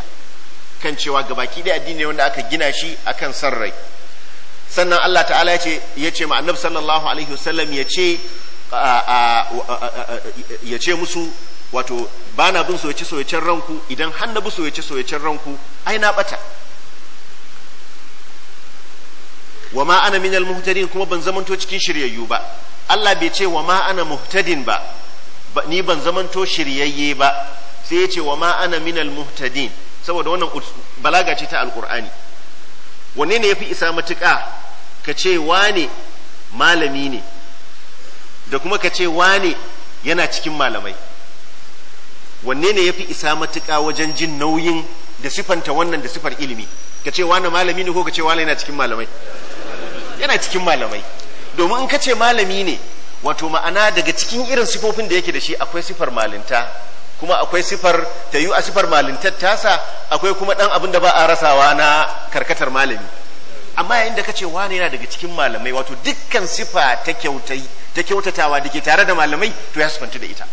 kan cewa ga baki da addini ne wanda aka gina shi akan san rai sannan Allah ta'ala ya ce ya ce ma sallallahu alaihi wasallam ya ce ya ce musu wato bana bin soyace-soyacen ranku idan har na bi soyace-soyacen ranku ai na bata wa ma ana minal muhtadin kuma ban zamanto cikin shiryayyu ba Allah bai ce wa ma ana muhtadin ba ni ban zamanto shiryayye ba sai ya ce wa ma ana minal muhtadin saboda wannan balaga ce ta alqur'ani wanne ne yafi isa matuƙa ka ce wane malami ne da kuma ka ce wane yana cikin malamai wanne ne yafi isa matuƙa wajen jin nauyin da sifanta wannan da sifar ilimi ka ce wane malami ne ko ka ce wane yana cikin malamai yana cikin malamai domin in ka ce malami ne wato ma'ana daga cikin irin sifofin da yake da shi akwai sifar malinta kuma akwai sifar ta yi a sifar malintar tasa akwai kuma ɗan abin da ba a rasawa na karkatar malami amma yayin da ka ce wane yana daga cikin malamai wato dukkan sifa ta ta kyautatawa da ke tare da malamai to ya sifanta da ita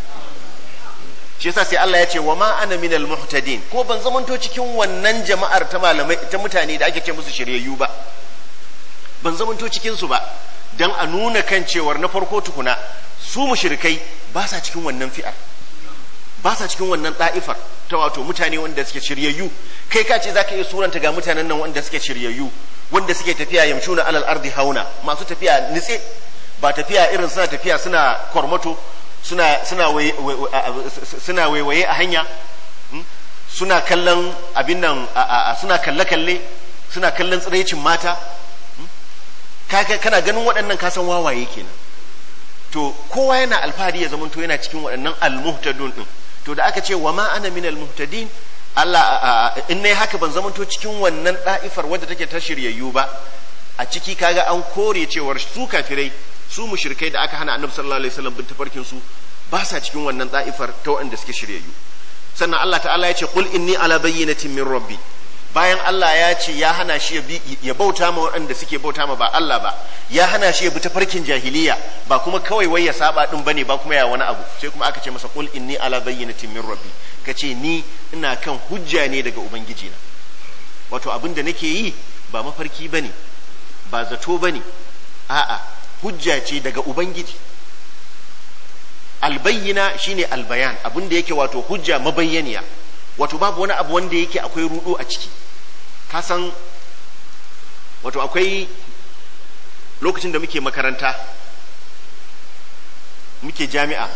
shi yasa sai Allah ya ce wa ma ana al muhtadin ko ban zamanto cikin wannan jama'ar ta malamai ta mutane da ake ce musu shiryayyu ba ban zamanto cikin su ba dan a nuna kan cewar na farko tukuna su mushrikai ba sa cikin wannan fi'ar ba sa cikin wannan da'ifar ta wato mutane wanda suke shiryayyu kai ka ce zaka iya suranta ga mutanen nan wanda suke shiryayyu wanda suke tafiya na alal ardi hauna masu tafiya nitse ba tafiya irin suna tafiya suna kormato suna suna suna waiwaye a hanya hmm? suna kallon abin nan suna kalle kalle suna kallon tsiraicin mata kana ganin waɗannan kasan wawaye kenan to kowa yana alfahari ya zamanto yana cikin waɗannan almuhtadun din to da aka ce wa ma ana min almuhtadin Allah in ne haka ban zamanto cikin wannan da'ifar wadda take ta shiryayyu ba a ciki kaga an kore cewar su kafirai su mushrikai da aka hana annabi sallallahu alaihi wasallam bin tafarkin su ba sa cikin wannan da'ifar ta waɗanda suke shiryayyu sannan Allah ta'ala ya ce qul inni ala bayyinatin min rabbi bayan Allah ya ce ya hana shi ya bauta ma waɗanda suke bauta ma ba Allah ba ya hana shi ya bi farkin jahiliya ba kuma kawai wai ya saba din bane ba kuma ya wani abu sai kuma aka ce masa qul inni ala bayyinatin min rabbi kace ni ina kan hujja ne daga ubangiji na wato abin da nake yi ba mafarki bane ba zato bane a'a hujja ce daga ubangiji albayyina shine albayan abin da yake wato hujja mabayyaniya wato babu wani abu wanda yake akwai rudo a ciki san wato akwai lokacin da muke makaranta muke jami'a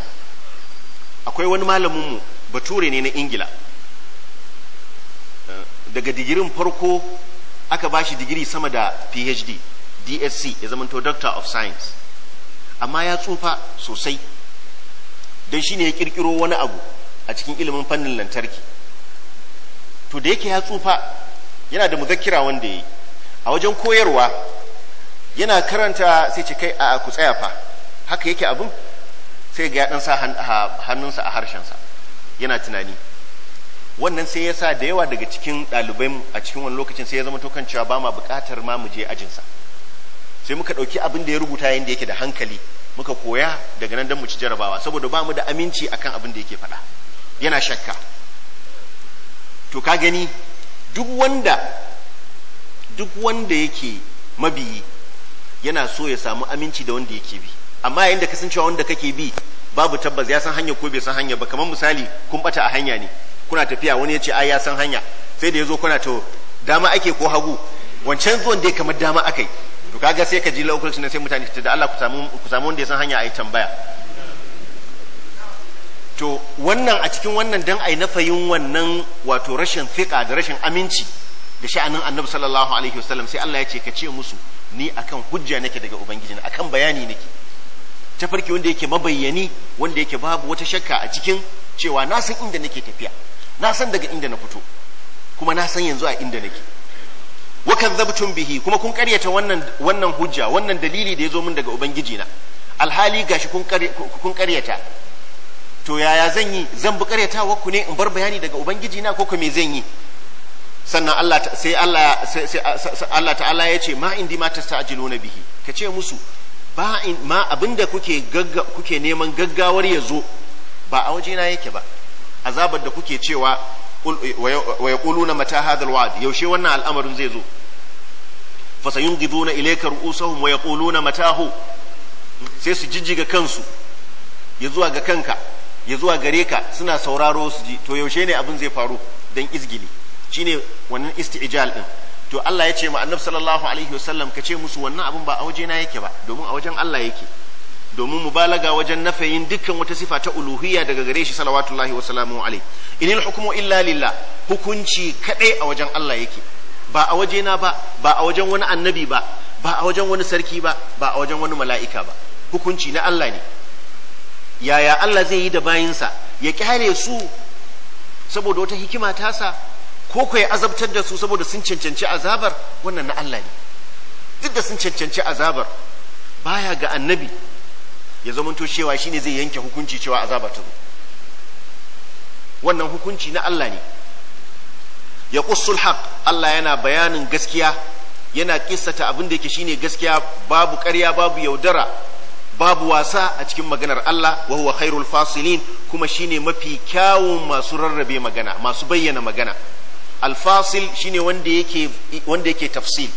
akwai wani malaminmu bature ne na ingila daga digirin farko aka ba shi digiri sama da phd dsc ya zamanto doctor of science amma ya tsufa sosai don shi ne ya kirkiro wani abu a cikin ilimin fannin lantarki to da yake ya tsufa yana da muzakira wanda yi a wajen koyarwa yana karanta sai ce kai a ku tsaya fa haka yake abin sai ga ya sa hannunsa a harshensa yana tunani wannan sai ya sa da yawa daga cikin ɗalibai a cikin wani lokacin sai ya zama tokan cewa ba ma buƙatar ma mu je ajinsa sai muka ɗauki abin da ya rubuta yadda yake da hankali muka koya daga nan don mu ci jarabawa saboda ba mu da aminci akan abin da yake faɗa yana shakka to ka gani duk wanda duk wanda yake mabiyi yana so ya samu aminci da wanda yake bi amma yayin da kasancewa wanda kake bi babu tabbas ya san hanya ko bai san hanya ba kamar misali kun bata a hanya ne kuna tafiya wani ya ce ai ya san hanya sai da ya zo kuna to dama ake ko hagu wancan zuwan dai kamar dama akai to kaga sai ka ji lokacin sai mutane da Allah ku samu ku samu wanda ya san hanya ai tambaya to wannan a cikin wannan dan ai nafayin wannan wato rashin fiqa da rashin aminci da sha'anin annabi sallallahu alaihi wasallam sai Allah ya ce ka ce musu ni akan hujja nake daga ubangiji akan bayani nake Ta tafarki wanda yake mabayyani wanda yake babu wata shakka a cikin cewa na san inda nake tafiya na san daga inda na fito kuma na san yanzu a inda nake wa kadzabtum bihi kuma kun karyata wannan wannan hujja wannan dalili da ya zo min daga ubangiji na alhali gashi kun kun karyata to yaya zan yi zan bi karyatawa ku ne in bar bayani daga ubangiji na koko me zan yi sannan Allah sai Allah sai Allah ta'ala ya ce ma indi ma tasta'jiluna bihi ka ce musu ba in ma abinda kuke gagga kuke neman gaggawar ya zo ba a waje na yake ba azabar da kuke cewa wa yaquluna mata hadhal wa'd yaushe wannan al'amarin zai zo fa sayunqiduna ilayka ru'usahum wa yaquluna hu sai su jijjiga kansu ya zuwa ga kanka ya zuwa gare ka suna sauraro su ji to yaushe ne abin zai faru dan izgili shine wannan isti'jal din to Allah ya ce ma annabi sallallahu alaihi wasallam ka ce musu wannan abin ba a waje na yake ba domin a wajen Allah yake domin mubalaga wajen nafayin dukkan wata sifa ta uluhiyya daga gare shi salawatullahi wa salamu alaihi inil hukmu illa lillah hukunci kadai a wajen Allah yake ba a waje na ba ba a wajen wani annabi ba ba a wajen wani sarki ba ba a wajen wani mala'ika ba hukunci na Allah ne yaya Allah zai yi da bayinsa ya kyale su saboda wata hikima tasa ko azabtar da su saboda sun cancanci azabar wannan na Allah ne duk da sun cancanci azabar baya ga annabi ya zamanto cewa shine zai yanke hukunci cewa azabar ta zo wannan hukunci na Allah ne ya qussul haq Allah yana bayanin gaskiya yana kissata abin da yake shine gaskiya babu ƙarya babu yaudara babu wasa a cikin maganar Allah wa huwa khairul fasilin kuma shine mafi kyawun masu rarrabe magana masu bayyana magana alfasil shine wanda yake wanda yake tafsil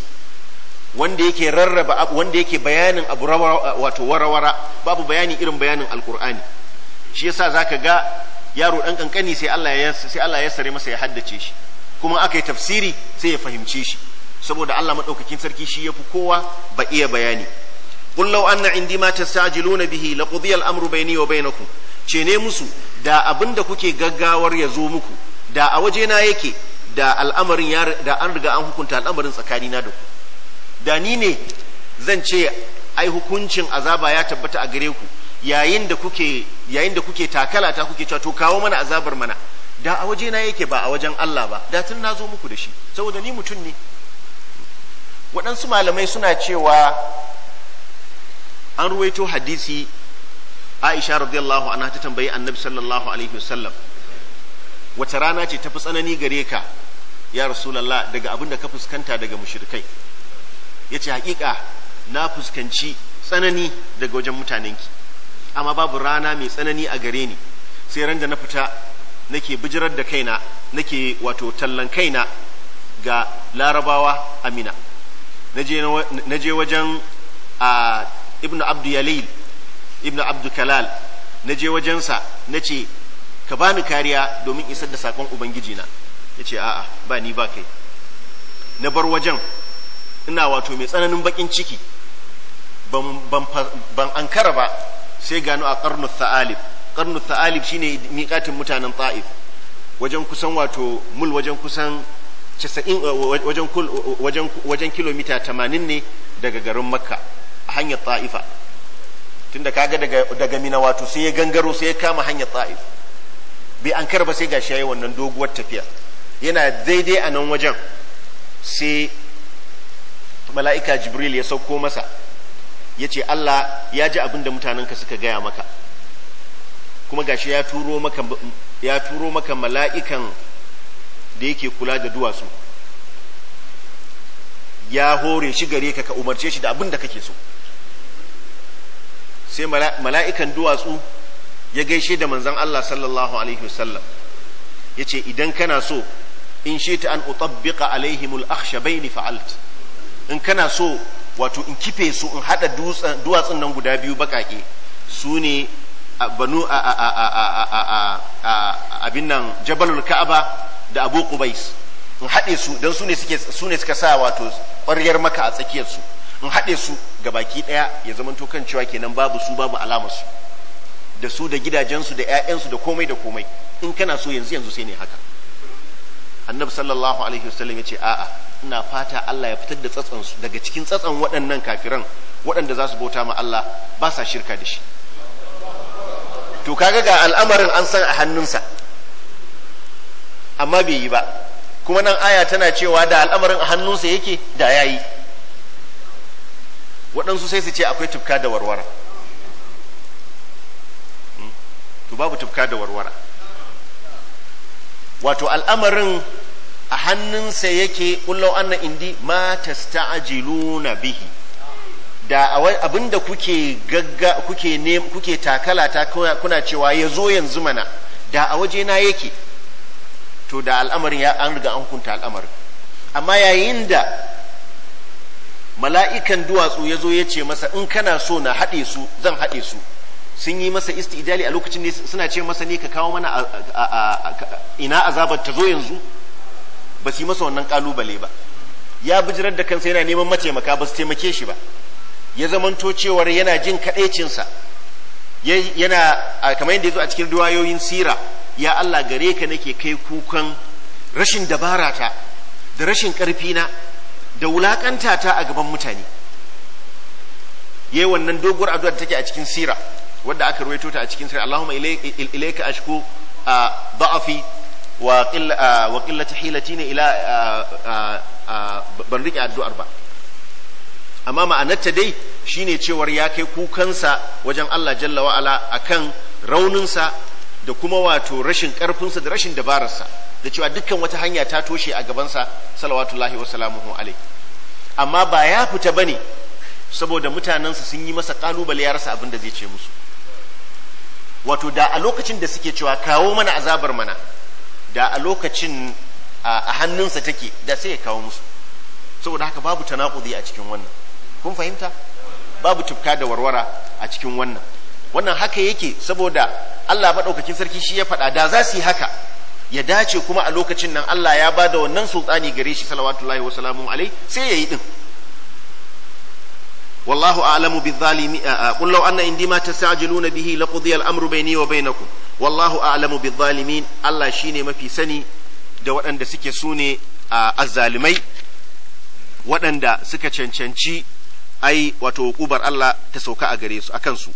wanda yake rarraba wanda yake bayanin abu wato warawara babu bayani irin bayanin alqur'ani shi yasa zaka ga yaro dan kankani sai Allah ya sai Allah ya sare masa ya haddace shi kuma aka yi tafsiri sai ya fahimce shi saboda Allah madaukakin sarki shi yafi kowa ba iya bayani qul an na indi ji tastajiluna bihi laqudiya al bai bayni wa ce ne musu da abinda kuke gaggawar ya zo muku da a waje na yake da al'amarin ya da an riga an hukunta al'amarin tsakanina da ku da ni ne zan ce ai hukuncin azaba ya tabbata a gare ku yayin da kuke yayin da kuke takala ta kuke cewa to kawo mana azabar mana da a waje na yake ba a wajen Allah ba da tun na zo muku da shi saboda ni mutum ne waɗansu malamai suna cewa an ruwaito hadisi aisha radiyallahu anha ta tambayi annabi sallallahu alaihi wasallam wata rana ce ta fi tsanani gare ka ya rasulullah daga abin da ka fuskanta daga mushrikai yace hakika na fuskanci tsanani daga wajen mutanen ki amma babu rana mai tsanani a gare ni sai ran da na fita nake bijirar da kaina nake wato tallan kaina ga larabawa amina na je wajen a ibnu abdu yalil ibnu abdu kalal na je wajensa na ce ka bani kariya domin isar da sakon ubangiji na ya ce a'a ba ni ba kai na bar wajen ina wato mai tsananin bakin ciki ban ankara ba sai gano a karnu ta'alif karnu ta'alif shine miƙatin mutanen ta'if wajen kusan wato mul wajen kusan wajen kilomita 80 ne daga garin makka a hanyar ta'ifa tunda kaga daga mina wato sai ya gangaro sai ya kama hanyar ta'if bai an karba sai gashi yayi wannan doguwar tafiya yana daidai a nan wajen sai mala'ika jibril ya sauko masa ya ce allah ya ji abin da ka suka gaya maka kuma gashi ya turo maka ya turo maka mala'ikan da yake kula da duwatsu ya hore shi gare ka ka umarce shi da abin da kake so sai mala'ikan duwatsu ya gaishe da manzan Allah sallallahu alaihi wasallam ya ce idan kana so in shi ta an utabbiƙa alaihimul ni fa'alt in kana so wato in kife su in hada duwatsun nan guda biyu bakake su ne banu a abin nan jabalul ka'aba da abu ƙubais in haɗe su don su ne suka sa wato ƙwaryar maka a tsakiyarsu in haɗe su ga baki ɗaya ya zamanto kan cewa kenan babu su babu alamarsu da su da gidajensu da 'ya'yansu da komai da komai in kana so yanzu yanzu sai ne haka annabi sallallahu alaihi wasallam ya ce a'a ina fata Allah ya fitar da tsatsan su daga cikin tsatsan waɗannan kafiran waɗanda za su bauta ma Allah ba sa shirka da shi to kaga ga al'amarin an san a hannunsa amma bai yi ba kuma nan aya tana cewa da al'amarin a hannunsa yake da yayi waɗansu sai su ce akwai tufka da warwara hmm? to babu tufka da warwara wato al'amarin a hannunsa yake ƙullau anna indi ma sta'ajiluna bihi da abinda kuke gagga kuke ne kuke takala ta kuna cewa ya zo yanzu mana da a waje na yake to da al'amarin ya an riga an hukunta al'amarin amma yayin da mala'ikan duwatsu ya zo ya ce masa in kana so na haɗe su zan haɗe su sun yi masa idali a lokacin ne suna ce masa ne ka kawo mana ina azabar ta zo yanzu ba su yi masa wannan kalubale ba ya bijirar da kansa yana neman mataimaka ba su taimake shi ba ya zamanto cewar yana jin kaɗaicinsa. yana kamar yadda ya zo a cikin duwayoyin sira ya Allah gare ka nake kai kukan rashin dabarata da rashin na. da wulakanta ta a gaban mutane yayi wannan doguwar addu'a da take a cikin sira wadda aka ruwaito ta a cikin sira Allahumma ilayka ashku da'afi wa wa qillati hilati ila ban rike addu'ar ba amma ma'anarta dai shine cewar ya kai kukansa wajen Allah jalla wa'ala akan rauninsa da kuma wato rashin karfinsa da rashin dabararsa da cewa dukkan wata hanya ta toshe a gabansa salawatullahi wa salamuhu amma ba ya fita ba ne saboda mutanensa sun yi masa ƙalubale ya rasa abin da zai ce musu wato da a lokacin da suke cewa kawo mana azabar mana da a lokacin a hannunsa take da sai ya kawo musu saboda haka babu tanakudi a cikin wannan kun fahimta babu tufka da warwara a cikin wannan wannan haka yake saboda Allah maɗaukacin sarki shi ya faɗa da za su yi haka ya dace kuma a lokacin nan Allah ya ba da wannan sultani gare shi salawatullahi wa salamu alai sai ya yi ɗin wallahu a'lamu zalimi. qul law anna indi ma bihi laqudiya al-amru bayni wa bainakum wallahu a'lamu bizalimin Allah shine mafi sani da waɗanda suke sune azzalimai waɗanda suka cancanci ai wato kubar Allah ta sauka a gare su akan su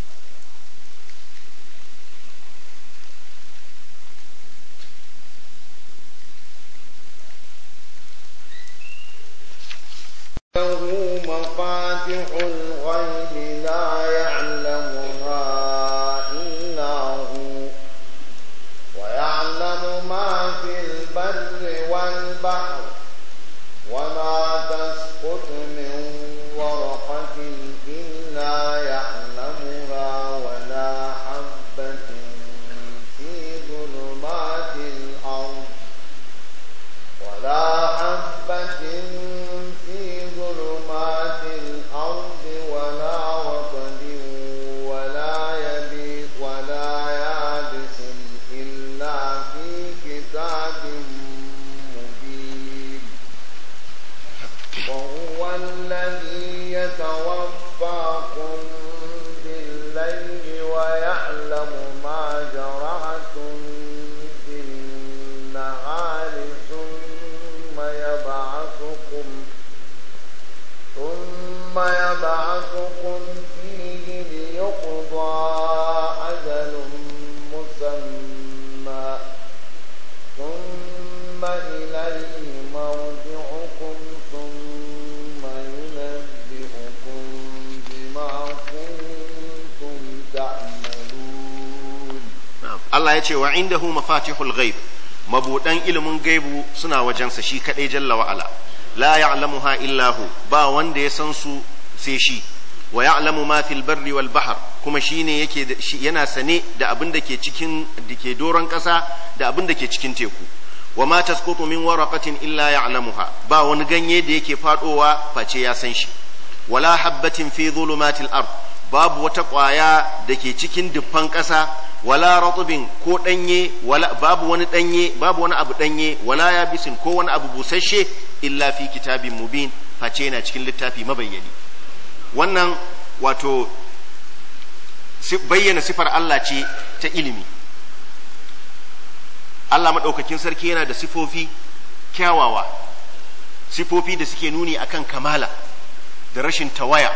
wa indahu mafatihul ghaib mabudan ilimin gaibu suna wajensa shi kadai jalla wa ala la ya'lamuha illa hu ba wanda ya san su sai shi wa ya'lamu ma fil barri wal bahr kuma shine yake yana sane da abin da ke cikin dake doron kasa da abin da ke cikin teku wa ma tasqutu min waraqatin illa ya'lamuha ba wani ganye da yake fadowa face ya san shi wala habbatin fi dhulumatil ard babu wata kwaya da ke cikin duffan kasa wala ratubin ko danye wala babu wani danye babu wani abu danye wala yabisin ko wani abu busasshe illa fi kitabin mubin face yana cikin littafi mabayyani wannan wato bayyana sifar Allah ce ta ilimi Allah maɗaukakin sarki yana da sifofi kyawawa sifofi da suke nuni akan kamala da rashin tawaya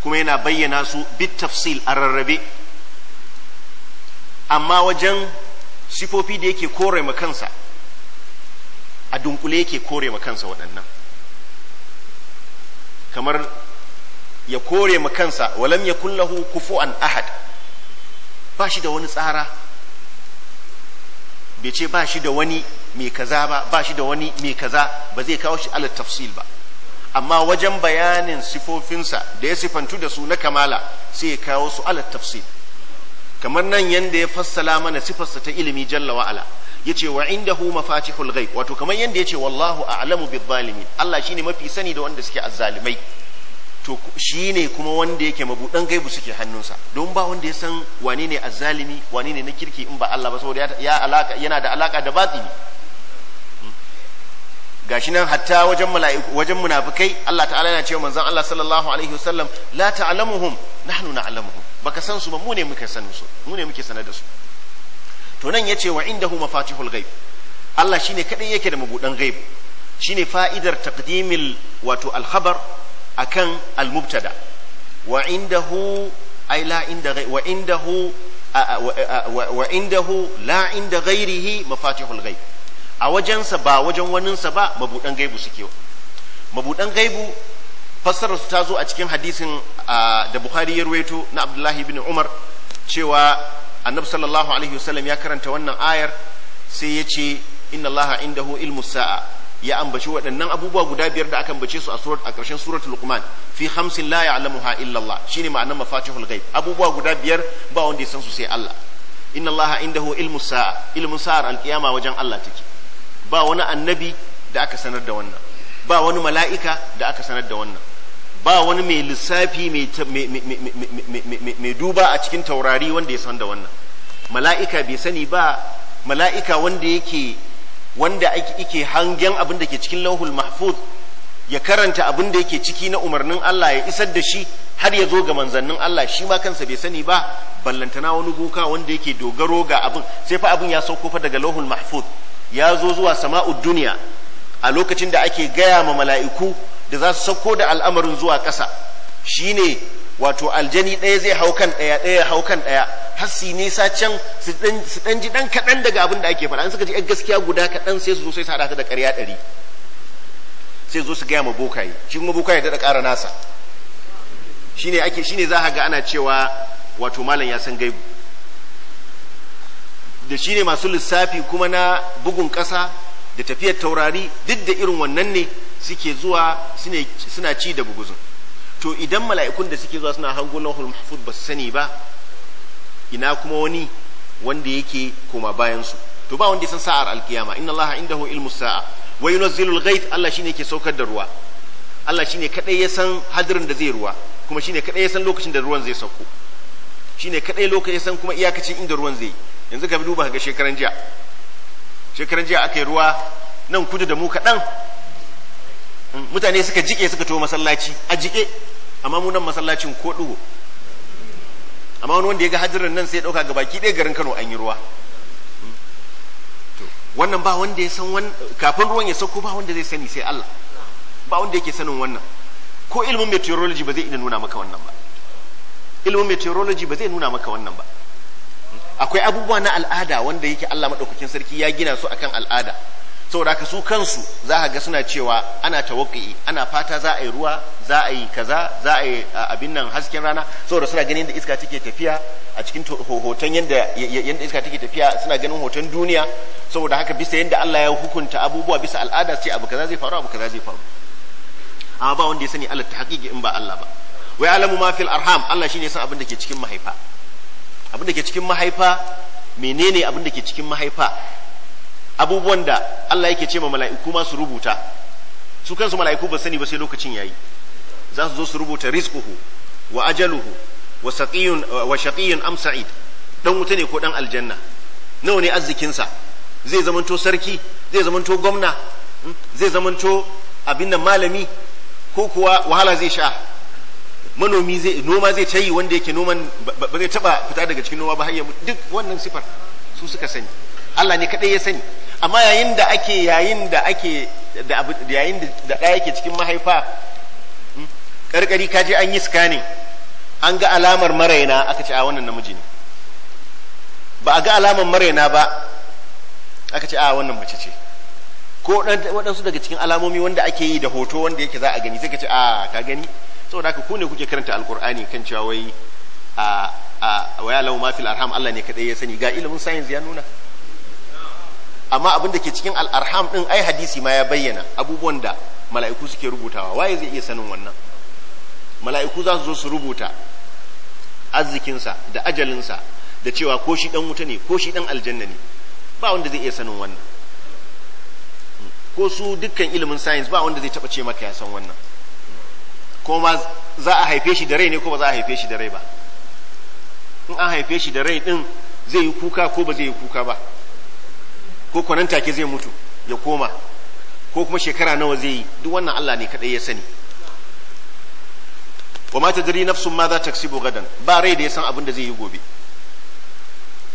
kuma yana bayyana su bit tafsil a rarrabe amma wajen sifofi da yake kore ma kansa a dunkule yake kore ma kansa waɗannan kamar ya kore ma kansa walam ya kullahu an ahad ba shi da wani tsara bai ce ba shi da wani mai kaza ba ba shi da wani mai kaza ba zai kawo shi ala tafsil ba amma wajen bayanin sifofinsa da ya sifantu da su na kamala sai ya kawo su ala tafsil kamar nan yanda ya fassala mana sifarsa ta ilimi jalla wa ala yace wa indahu mafatihul ghaib wato kamar yanda yace wallahu a'lamu bil zalimin Allah shine mafi sani da wanda suke azzalimai to shine kuma wanda yake mabudan gaibu suke hannunsa don ba wanda ya san wane ne azzalimi wane ne na kirki in ba Allah ba saboda ya alaka yana da alaka da batini hmm. gashi nan hatta wajen mala'iku wajen munafikai Allah ta'ala yana cewa manzon Allah sallallahu alaihi wasallam la ta'lamuhum nahnu na'lamuhum baka san su ba mu ne muke san su mu ne muke sanar da su to nan yace wa indahu mafatihul ghaib Allah shine kadai yake da mabudan ghaib shine fa'idar taqdimil wato al-khabar akan al-mubtada wa indahu ay la inda wa indahu wa indahu la inda ghairihi mafatihul ghaib a wajensa ba wajen waninsa ba mabudan gaibu suke mabudan gaibu fassarar su ta zo a cikin hadisin da bukhari ya ruwaito na abdullahi bin umar cewa annabi sallallahu alaihi wasallam ya karanta wannan ayar sai ya ce inna allaha indahu ilmu sa'a ya ambaci waɗannan abubuwa guda biyar da aka ambace su a surat a ƙarshen surat luqman fi hamsin la ya'lamuha illa Allah shine ma'anar mafatihul ghaib abubuwa guda biyar ba wanda ya san su sai Allah inna Allah indahu ilmu sa'a ilmu sa'ar alqiyama wajen Allah take ba wani annabi da aka sanar da wannan ba wani mala'ika da aka sanar da wannan ba wani mai lissafi mai duba a cikin taurari wanda ya san da wannan mala'ika bai sani ba mala'ika wanda yake wanda yake hangen abin da ke cikin lauhul mahfuz ya karanta abin da yake ciki na umarnin Allah ya isar da shi har ya zo ga manzannin Allah shi ma kansa bai sani ba ballantana wani boka wanda yake dogaro ga abin sai fa abin ya sauko fa daga lauhul mahfuz ya zo zuwa sama'ud duniya a lokacin da ake gaya ma mala'iku da za su sauko da al'amarin zuwa ƙasa shine wato aljani ɗaya zai hau kan ɗaya ɗaya hau kan ɗaya Hasi su nisa can su ɗan ji ɗan kaɗan daga abin da ake faɗa an suka ji ‘yan gaskiya guda kaɗan sai su zo sai su da ƙarya ɗari sai zo su gaya ma bokaye shi kuma bokaye da ƙara nasa shine ake shine za ga ana cewa wato malam ya san gaibu da shine masu lissafi kuma na bugun ƙasa da tafiyar taurari duk da irin wannan ne suke zuwa suna ci da buguzun to idan mala'ikun da suke zuwa suna hango lahul mahfud ba su sani ba ina kuma wani wanda yake koma bayan su to ba wanda ya san sa'ar alkiyama inna allaha indahu ilmu sa'a wa yunazzilu alghayth Allah shine yake saukar da ruwa Allah shine kadai ya san hadirin da zai ruwa kuma shine kadai ya san lokacin da ruwan zai sauko shine kadai lokacin ya san kuma iyakacin inda ruwan zai yanzu ka duba ga shekaran jiya shekaran jiya akai ruwa nan kudu da mu kaɗan mutane suka jike suka to masallaci a jike amma mu nan masallacin ko dugo amma wani wanda ya ga hadirin nan sai ya dauka baki ɗaya garin Kano an yi ruwa wannan ba wanda ya san kafin ruwan ya sauko ba wanda zai sani sai Allah ba wanda yake sanin wannan ko ilimin meteorology ba zai iya nuna maka wannan ba ilimin meteorology ba zai nuna maka wannan ba akwai abubuwa na al'ada wanda yake Allah madaukakin sarki ya gina su akan al'ada saboda haka su kansu za ka ga suna cewa ana tawakki ana fata za a yi ruwa za a yi kaza za a yi abin nan hasken rana saboda suna ganin da iska take tafiya a cikin hoton yanda yanda iska take tafiya suna ganin hoton duniya saboda haka bisa yanda Allah ya hukunta abubuwa bisa al'ada sai abu kaza zai faru abu kaza zai faru amma ba wanda ya sani Allah ta haƙiƙi in ba Allah ba wai alamu ma fil arham Allah shine san abin da ke cikin mahaifa abin da ke cikin mahaifa menene abin da ke cikin mahaifa abubuwan da Allah yake ce ma mala'iku ma su rubuta su kansu mala'iku ba sani ba sai lokacin yayi za su zo su rubuta Rizkuhu wa ajaluhu wa saqiyun Amsa'i shaqiyun wuta ne ko dan aljanna nawa ne arzikin zai zamanto sarki zai zamanto gwamna hmm? zai zamanto abin nan malami ko kuwa wahala zai sha manomi zai noma zai tayi wanda yake noman ba zai taba fita daga cikin noma ba har duk wannan sifar su suka sani Allah ne kaɗai ya sani amma yayin da ake yayin da ake da abu yayin da ɗaya yake cikin mahaifa karkari hmm, kaje an yi scanning an ga alamar maraina aka ce a wannan namiji ne ba a ga alamar maraina ba aka ce a wannan mace ce ko waɗansu daga cikin alamomi wanda ake yi da hoto wanda yake za a gani sai ka ce a ka gani saboda haka ku ne kuke karanta alkur'ani kan cewa wai a a waya lau ma fil arham Allah ne kadai ya sani ga ilimin science ya nuna amma abin da ke cikin al'arham din ai hadisi ma ya bayyana abubuwan da mala'iku suke rubutawa waye zai iya sanin wannan mala'iku za su zo su rubuta arzikinsa da ajalinsa da cewa ko shi dan wuta ne ko shi dan aljanna ne ba wanda zai iya sanin wannan ko su dukkan ilimin science ba wanda zai taba ce maka ya san wannan ko ma za a haife shi da rai ne ko ba za a haife shi da rai ba in an haife shi da rai din zai yi kuka ko ba zai yi kuka ba ko kwanan take zai mutu ya koma ko kuma shekara nawa zai yi duk wannan Allah ne kadai ya sani wa ma tadri nafsun ma za ta kasibu gadan ba rai da ya san abin da zai yi gobe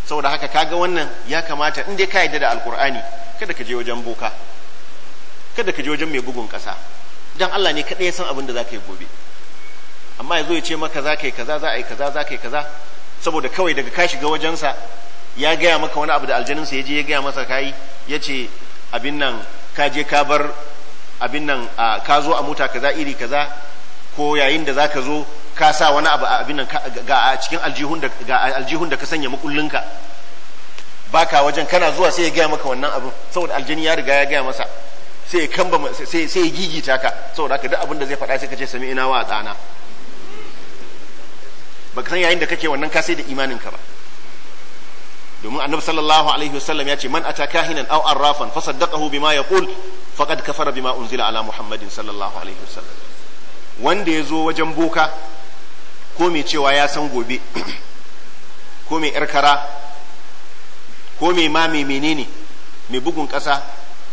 saboda haka kaga wannan ya kamata in dai ka yadda da alkur'ani kada ka je wajen boka kada ka je wajen mai bugun kasa dan Allah ne kadai ya san abin da za ka yi gobe amma yazo ya ce maka za ka yi kaza za a kaza za ka yi kaza saboda kawai daga ka shiga wajensa ya gaya maka wani abu da aljaninsa ya je ya gaya masa kai ya ce abin nan ka je ka bar abin nan ka zo a mota kaza iri kaza ko yayin da zaka zo ka sa wani abu a abin nan ga a cikin aljihun da ga aljihun da ka sanya makullinka baka wajen kana zuwa sai ya gaya maka wannan abu saboda aljini ya riga ya gaya masa sai ya sai sai ya gigita ka saboda ka duk abin da zai faɗa sai ka ce sami ina wa tsana baka san yayin da kake wannan ka sai da imaninka ba domin annabi sallallahu alaihi wasallam ya ce man ata kahinan aw arrafan fa saddaqahu bima yaqul faqad kafara bima unzila ala muhammadin sallallahu alaihi wasallam wanda ya zo wajen boka ko mai cewa ya san gobe ko mai irkara ko mai ma mai menene mai bugun kasa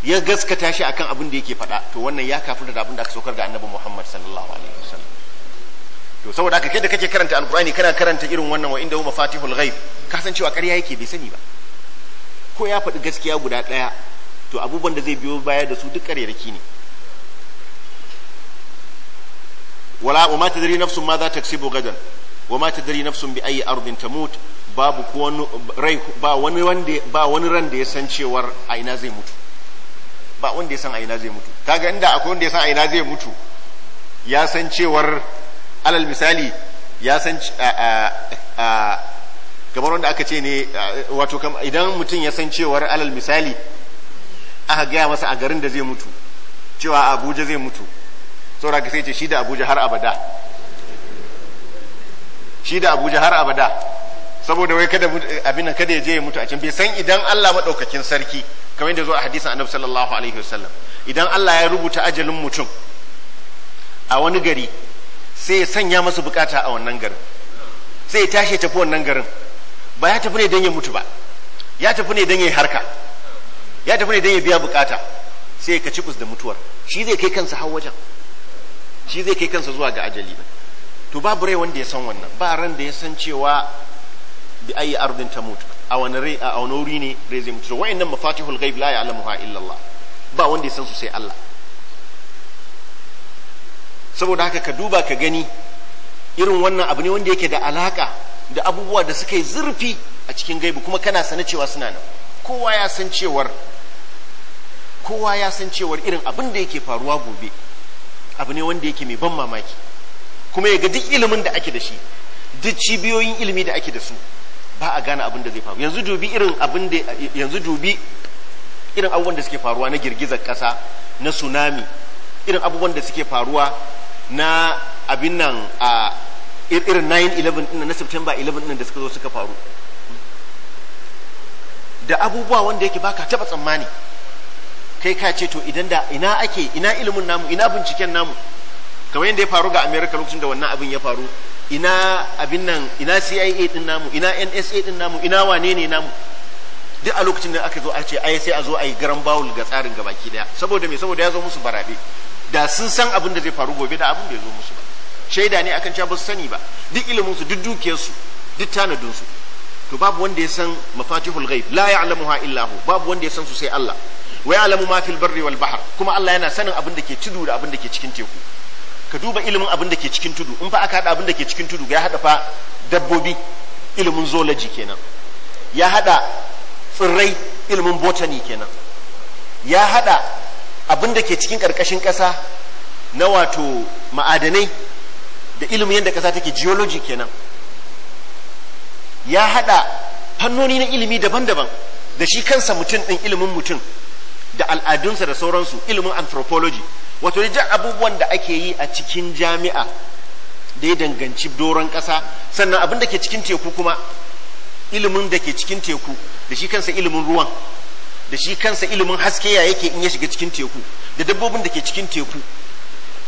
ya gaskata shi akan abin da yake faɗa to wannan ya kafirta da abin da aka saukar da annabi muhammad sallallahu alaihi wasallam to saboda haka kai da kake karanta alqur'ani kana karanta irin wannan wa inda fatihul ghaib ka san cewa ƙarya yake bai sani ba ko ya faɗi gaskiya guda ɗaya to abubuwan da zai biyo baya da su duk ƙaryarki ne wala wa ma tadri nafsun ma za ta kasibu gadan wa ma tadri nafsun bi ayi ardin tamut babu ko wani rai ba wani wanda ba wani ran da ya san cewar a ina zai mutu ba wanda ya san a ina zai mutu kaga inda akwai wanda ya san a ina zai mutu ya san cewar alal misali ya san kamar wanda aka ce ne wato idan mutum ya san cewar alal misali aka gaya masa a garin da zai mutu cewa abuja zai mutu saura ka sai ce shi da abuja har abada shi da abuja har abada saboda wai kada abin kada ya je ya mutu a can bai san idan Allah madaukakin sarki kamar yadda zo a hadisin annabi sallallahu alaihi wasallam idan Allah ya rubuta ajalin mutum a wani gari sai ya sanya masa bukata a wannan garin sai ya tashi tafi wannan garin ba ya tafi ne don ya mutu ba ya tafi ne don ya harka ya tafi ne don ya biya bukata sai ya kaci kus da mutuwar shi zai kai kansa hau wajen shi zai kai kansa zuwa ga ajali ba to babu rai wanda ya san wannan ba ran da ya san cewa bi ayi ardin ta mutu a wani rai a wani wuri ne rai zai mutu wa'annan mafatihul ghaib la ya'lamuha illa Allah ba wanda ya san su sai Allah saboda haka ka duba ka gani irin wannan abu ne wanda yake da alaka da abubuwa da suka yi zurfi a cikin gaibu kuma kana sana cewa suna nan kowa ya san cewar kowa ya san cewar irin abin da yake faruwa gobe abu ne wanda yake mai ban mamaki kuma ya ga duk ilimin da ake da shi duk cibiyoyin ilimi da ake da su ba a gane abin da zai faru yanzu dubi irin abin da yanzu dubi irin abubuwan da suke faruwa na girgizar kasa na tsunami irin abubuwan da suke faruwa na abin nan a irin 9-11 na september 11 din da suka zo suka faru da abubuwa wanda yake baka taba tsammani kai ka ce to idan da ina ake ina ilimin namu ina binciken namu kamar yadda ya faru ga america lokacin da wannan abin ya faru ina abin nan ina cia din namu ina nsa din namu ina wane ne namu duk a lokacin da aka zo a ce ai sai a zo a yi garan bawul ga tsarin gabaki daya saboda me saboda ya zo musu barabe da sun san abin da zai faru gobe da abin da ya zo musu ba shaida ne akan cewa ba su sani ba duk ilimin su duk dukiyar su duk tanadin su to babu wanda ya san mafatihul ghaib la ya'lamuha illa hu babu wanda ya san su sai Allah wa ya'lamu ma fil barri wal bahr kuma Allah yana sanin abin da ke tudu da abin da ke cikin teku ka duba ilimin abin da ke cikin tudu in fa aka hada abin da ke cikin tudu ya hada fa dabbobi ilimin zoology kenan ya hada tsirrai ilimin botany kenan ya hada abin da ke cikin ƙarƙashin ƙasa na wato ma'adanai da ilimin yadda ƙasa take geology kenan ya haɗa fannoni na ilimi daban-daban da shi kansa mutum ɗin ilimin mutum da al'adunsa da sauransu ilimin anthropology wato da abubuwan da ake yi a cikin jami'a da ya danganci doron ƙasa sannan abin da ke cikin teku kuma ilimin da ke cikin teku da shi kansa ilimin ruwan da shi kansa ilimin haske ya yake in ya shiga cikin teku da dabbobin da ke cikin teku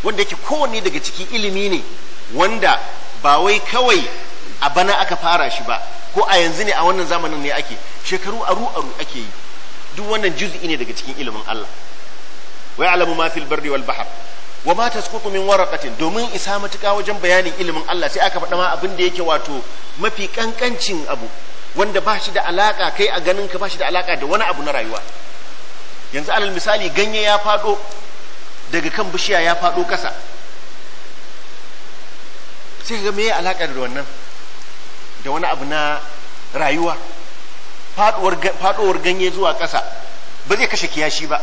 wanda yake kowanne daga ciki ilimi ne wanda ba wai kawai a bana aka fara shi ba ko a yanzu ne a wannan zamanin ne ake shekaru aru aru ake yi duk wannan juz'i ne daga cikin ilimin Allah wa ya'lamu ma fil barri wal bahr wa ma tasqutu min waraqatin domin isa matuƙa wajen bayanin ilimin Allah sai aka faɗa ma abin da yake wato mafi kankancin abu wanda ba shi da alaka kai a ganin ka ba shi da alaka da wani abu na rayuwa yanzu alal misali ganye ya fado daga kan bishiya ya fado kasa sai ga me ya alaka da wannan da wani abu na rayuwa faduwar ganye zuwa kasa ba zai kashe kiyashi ba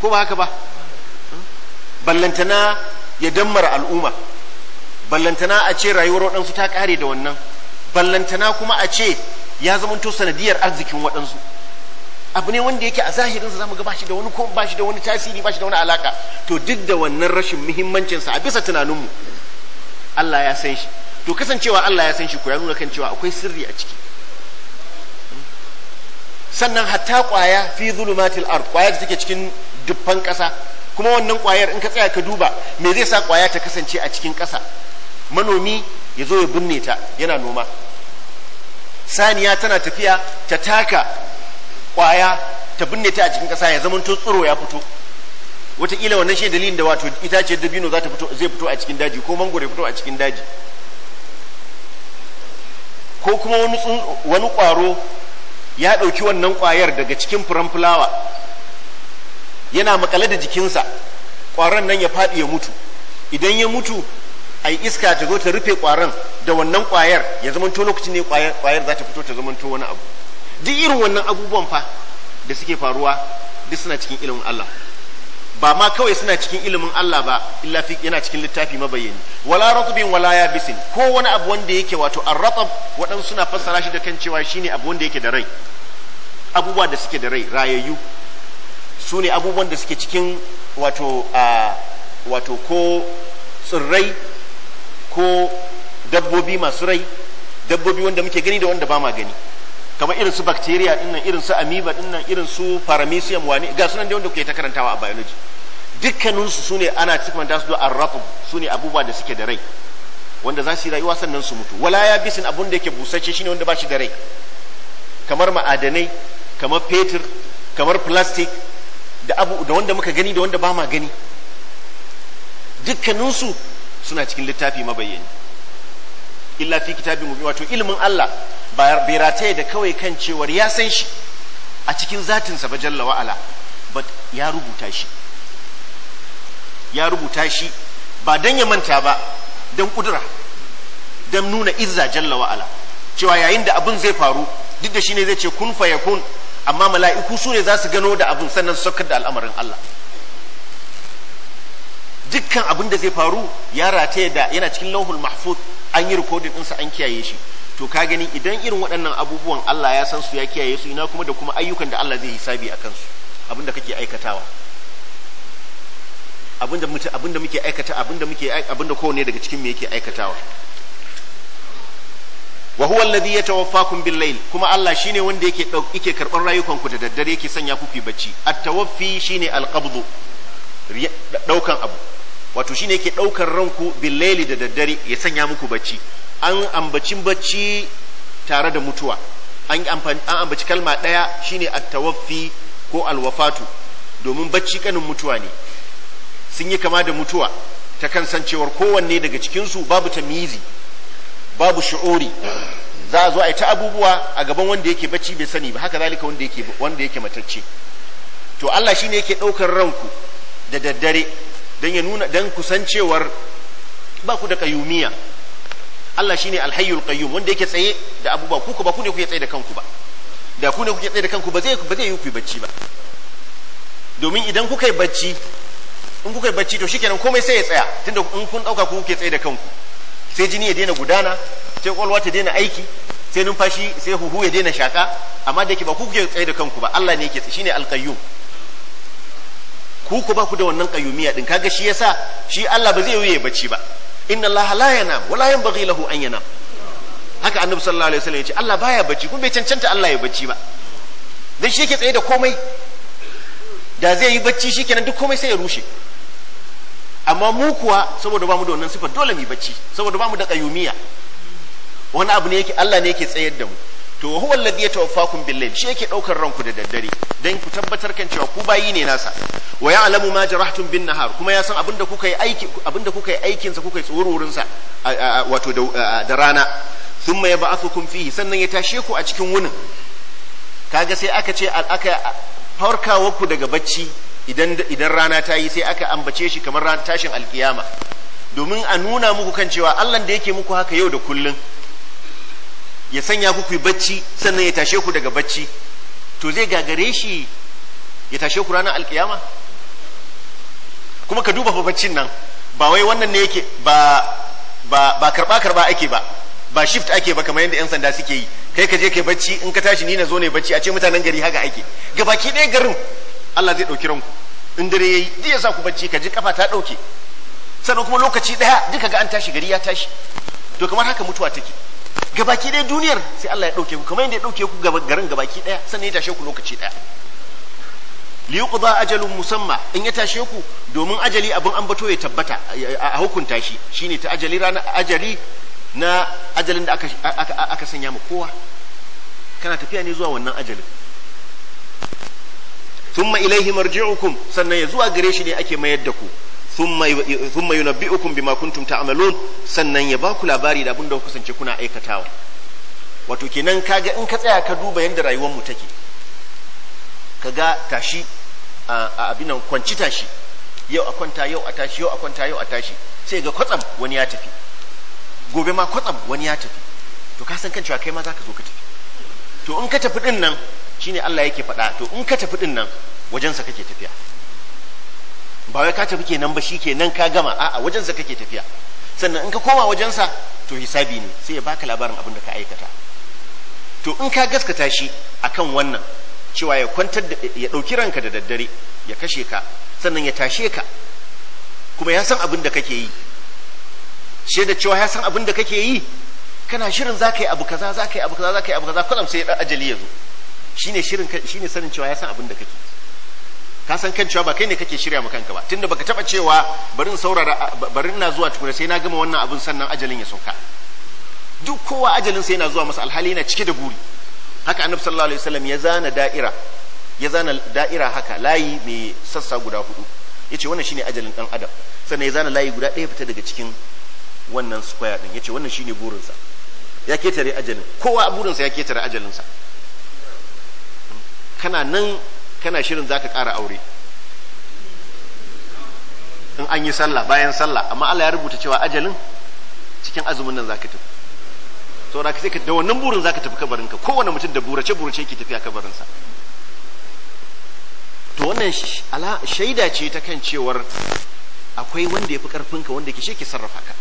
ko ba haka ba ballantana ya dammara al'umma ballantana a ce rayuwar waɗansu ta ƙare da wannan ballantana kuma a ce ya zamanto sanadiyar arzikin waɗansu abu ne wanda yake a zahirinsa zamu ga bashi da wani ko bashi da wani tasiri bashi da wani alaka to duk da wannan rashin muhimmancinsa a bisa tunaninmu Allah ya san shi to kasancewa Allah ya san shi ko ya nuna kan cewa akwai sirri a ciki sannan hatta kwaya fi zulumatil ard kwaya da take cikin dubban kasa kuma wannan kwayar in ka tsaya ka duba me zai sa kwaya ta kasance a cikin kasa manomi ya zo ya binne ta yana noma saniya tana tafiya ta taka kwaya ta binne ta a cikin kasa ya zama tsiro ya fito wataƙila wannan shi dalilin da wato itace dabino za ta fito zai fito a cikin daji ko mangoro ya fito a cikin daji ko kuma wani wani ƙwaro ya ɗauki wannan ƙwayar daga cikin furen fulawa yana makale da jikinsa ƙwaron nan ya faɗi ya mutu idan ya mutu a yi iska ta zo ta rufe kwaron da wannan kwayar ya zamanto lokacin ne kwayar za ta fito ta zamanto wani abu duk irin wannan abubuwan fa da suke faruwa duk suna cikin ilimin Allah ba ma kawai suna cikin ilimin Allah ba illa fi yana cikin littafi mabayyani wala ratbin wala yabisin ko wani abu wanda yake wato arratab wadan suna fassara shi da kan cewa shine abu wanda yake da rai abubuwa da suke da rai rayayyu sune abubuwan da suke cikin wato a ah, wato ko tsirrai ko dabbobi masu rai dabbobi wanda muke gani da wanda ba ma gani kamar irin su bacteria dinnan irin su amoeba dinnan irin su paramecium wani ga sunan da wanda kuke ta karantawa a biology dukkanin su sune ana cikin su da arrafu sune abubuwa da suke da rai wanda za su yi rayuwa sannan su mutu wala ya bisin abun da yake busace shine wanda ba shi da rai kamar ma'adanai kamar fetur kamar plastic da abu da wanda muka gani da wanda ba ma gani dukkaninsu suna cikin littafi mabayyani illa fi kitabin mubin wato ilimin Allah ba rataye da kawai kan cewar ya san shi a cikin zatinsa ba jalla wa'ala ba ya rubuta shi ya rubuta shi ba dan ya manta ba don kudura don nuna izza jalla wa'ala cewa yayin da abun zai faru duk da shine zai ce kun yakun amma mala'iku su ne za su gano da abun sannan su saukar da al'amarin Allah dukkan abin da zai faru ya rataye da yana cikin lauhul mahfuz an yi rikodin ɗinsa an kiyaye shi to ka gani idan irin waɗannan abubuwan Allah ya san su ya kiyaye su ina kuma da kuma ayyukan da Allah zai hisabi a kansu abinda kake aikatawa abinda muke abinda muke aikata abinda muke abinda kowane daga cikin mu yake aikatawa wa huwa alladhi yatawaffakum bil layl kuma Allah shine wanda yake yake karban rayukan ku da daddare yake sanya ku ku bacci at-tawaffi shine al-qabdu daukan abu wato shine yake ɗaukar ranku billaili da daddare ya sanya muku bacci an ambacin bacci tare da mutuwa an ambaci kalma ɗaya shine tawaffi ko alwafatu domin bacci kanin mutuwa ne sun yi kama da mutuwa ta cewar kowanne daga cikin su babu tamizi babu shu'uri za a zo a yi ta abubuwa a gaban wanda yake bacci bai sani ba haka zalika wanda yake wanda yake matacce to Allah shine yake ɗaukar ranku da daddare don ya nuna don kusancewar ba ku da kayumiya Allah shine alhayyul qayyum wanda yake tsaye da abubuwa ku ba ku ne kuke tsaye da kanku ba da ku ne kuke tsaye da kanku ba zai ba zai yi ku bacci ba domin idan kuka yi bacci in kuka yi bacci to shikenan komai sai ya tsaya tunda in kun dauka ku kuke tsaye da kanku sai jini ya daina gudana sai kwalwa ta daina aiki sai numfashi sai huhu ya daina shaka amma da yake ba ku kuke tsaye da kanku ba Allah ne yake shine alqayyum ku ku ba ku da wannan kayyumiya din kaga shi yasa shi Allah ba zai yi bacci ba inna Allah la yanam wala yanbaghi lahu an yanam haka annabi sallallahu alaihi wasallam ya ce Allah baya bacci kuma bai cancanta Allah ya bacci ba dan shi yake tsaye da komai da zai yi bacci shikenan duk komai sai ya rushe amma mu kuwa saboda bamu da wannan sifar dole mu bacci saboda bamu da kayyumiya wani abu ne yake Allah ne yake tsayar da mu to huwa alladhi yatawaffakum bil-layl shi yake daukar ranku da daddare dan ku tabbatar kan cewa ku bayi ne nasa wa ya'lamu ma jarahtum bin-nahar kuma ya san abinda kuka yi aiki abinda kuka yi aikin sa kuka yi tsororin sa wato da rana thumma yab'athukum fihi sannan ya tashe ku a cikin wunin kaga sai aka ce aka farkawa ku daga bacci idan idan rana ta yi sai aka ambace shi kamar tashin alkiyama domin a nuna muku kan cewa Allah da yake muku haka yau da kullun ya sanya ku kuyi bacci sannan ya tashe ku daga bacci to zai gagare shi ya tashe ku ranar alkiyama kuma ka duba baccin nan ba wai wannan ne yake ba ba ba karba karba ake ba ba shift ake ba kamar yadda yan sanda suke yi kai ka je kai bacci in ka tashi ni na zo ne bacci a ce mutanen gari haka ake gabaki ɗaya garin Allah zai ɗauki ranku in dare yayi zai ya sa ku bacci ka ji kafa ta ɗauke sannan kuma lokaci ɗaya duka ga an tashi gari ya tashi to kamar haka mutuwa take gabaki ɗaya duniyar sai Allah ya ɗauke ku kamar yadda ya ɗauke ku garin gabaki ɗaya sannan ya tashe ku lokaci ɗaya li yuqda ajalun musamma in ya tashe ku domin ajali abin bato ya tabbata a hukunta shi shine ta ajali rana ajali na ajalin da aka sanya mu kowa kana tafiya ne zuwa wannan ajalin thumma ilaihi marji'ukum sannan ya zuwa gare shi ne ake mayar da ku thumma yunabbi'ukum bima kuntum ta'malun sannan ya baku labari da abin da kasance kuna aikatawa wato kenan kaga in ka tsaya ka duba yadda rayuwar mu take kaga tashi a abin nan kwanci tashi yau a kwanta yau a tashi yau a kwanta yau a tashi sai ga kwatsam wani ya tafi gobe ma kwatsam wani ya tafi to ka san kan cewa kai ma zaka zo ka tafi to in ka tafi din nan shine Allah yake faɗa to in ka tafi din nan wajensa kake tafiya ba wai ka tafi kenan ba shi kenan ka gama a'a wajensa kake tafiya sannan in ka koma wajensa to hisabi ne sai ya baka labarin abin da ka aikata to in ka gaskata shi akan wannan cewa ya kwantar da ya ɗauki ranka da daddare ya kashe ka sannan ya tashe ka kuma ya san abin da kake yi shi da cewa ya san abin da kake yi kana shirin za ka yi abu kaza za ka yi abu kaza za ka yi abu kaza kwalam sai ya ajali ya zo shine shirin shine sanin cewa ya san abin da kake ka san kan cewa ba kai ne kake shirya ma kanka ba tunda baka taba cewa bari in saurara bari ina zuwa tukuna sai na gama wannan abin sannan ajalin ya sauka duk kowa ajalin sai yana zuwa masa alhali yana cike da guri haka annabi sallallahu alaihi wasallam ya zana da'ira ya zana da'ira haka layi mai sassa guda hudu yace wannan shine ajalin dan adam sannan ya zana layi guda ɗaya fita daga cikin wannan square din yace wannan shine burinsa ya ketare ajalin kowa burinsa ya ketare ajalinsa kana nan kana shirin zaka ƙara aure in an yi sallah bayan sallah amma Allah ya rubuta cewa ajalin cikin azumin nan zaka tafi da sai ka da wannan burin zaka tafi kabarin ka kowane mutum da burace burace yake tafiya kabarin sa to wannan shaida ce ta kan cewar akwai wanda ya fi karfin ka wanda ke shi ke sarrafa ka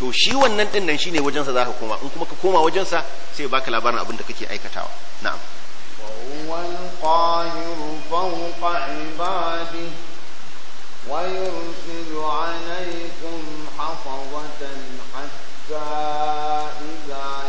to shi wannan din nan shine wajensa zaka koma in kuma ka koma wajensa sai baka labarin abin da kake aikatawa na'am هو القاهر فوق عباده ويرسل عليكم حفظة حتى إذا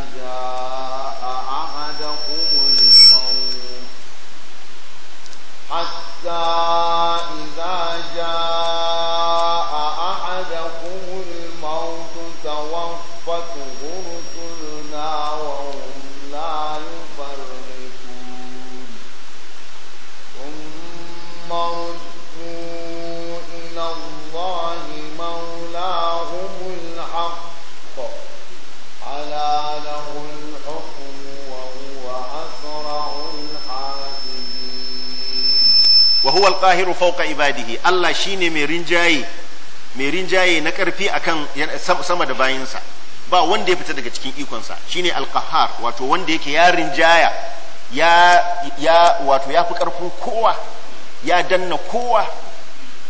huwa alqahiru fawqa ibadihi Allah shine mai rinjaye mai rinjaye na karfi akan sama da bayinsa ba wanda ya fita daga cikin ikonsa shine alqahar wato wanda yake ya rinjaya ya ya wato ya fi karfin kowa ya danna kowa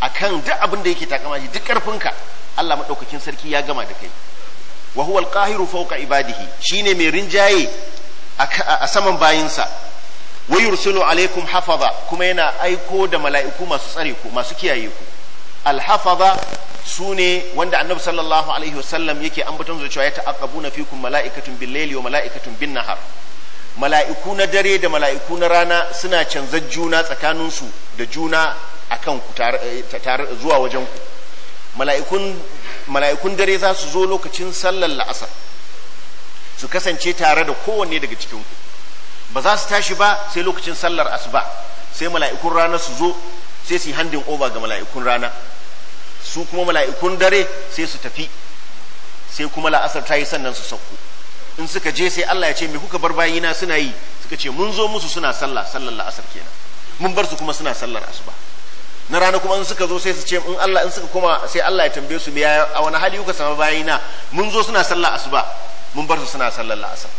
akan duk abin da yake takama shi duk ka Allah madaukakin sarki ya gama da kai wa huwa alqahiru fawqa ibadihi shine mai rinjaye a saman bayinsa wa yursilu alaikum hafaza kuma yana aiko da mala'iku masu tsare ku masu kiyaye ku alhafaza su ne wanda annabi sallallahu alaihi wasallam yake ambaton zuwa cewa ya ta'aqqabuna fikum mala'ikatun bil laili wa mala'ikatun bin nahar mala'iku na dare da mala'iku na rana suna canzar juna tsakanin su da juna akan ku eh, tare zuwa wajen ku mala'ikun mala'ikun dare za su zo lokacin sallar la'asar su kasance tare da kowanne daga cikin ku ba za su tashi ba sai lokacin sallar asuba sai mala'ikun rana su zo sai su yi handin over ga mala'ikun rana su kuma mala'ikun dare sai su tafi sai kuma la'asar ta yi sannan su sauko in suka je sai Allah ya ce me kuka bar bayina suna yi suka ce mun zo musu suna sallah sallar la'asar kenan mun bar su kuma suna sallar asuba na rana kuma in suka zo sai su ce in Allah in suka koma sai Allah ya tambaye su me a wani hali kuka sama bayina mun zo suna sallar asuba mun bar su suna sallar la'asar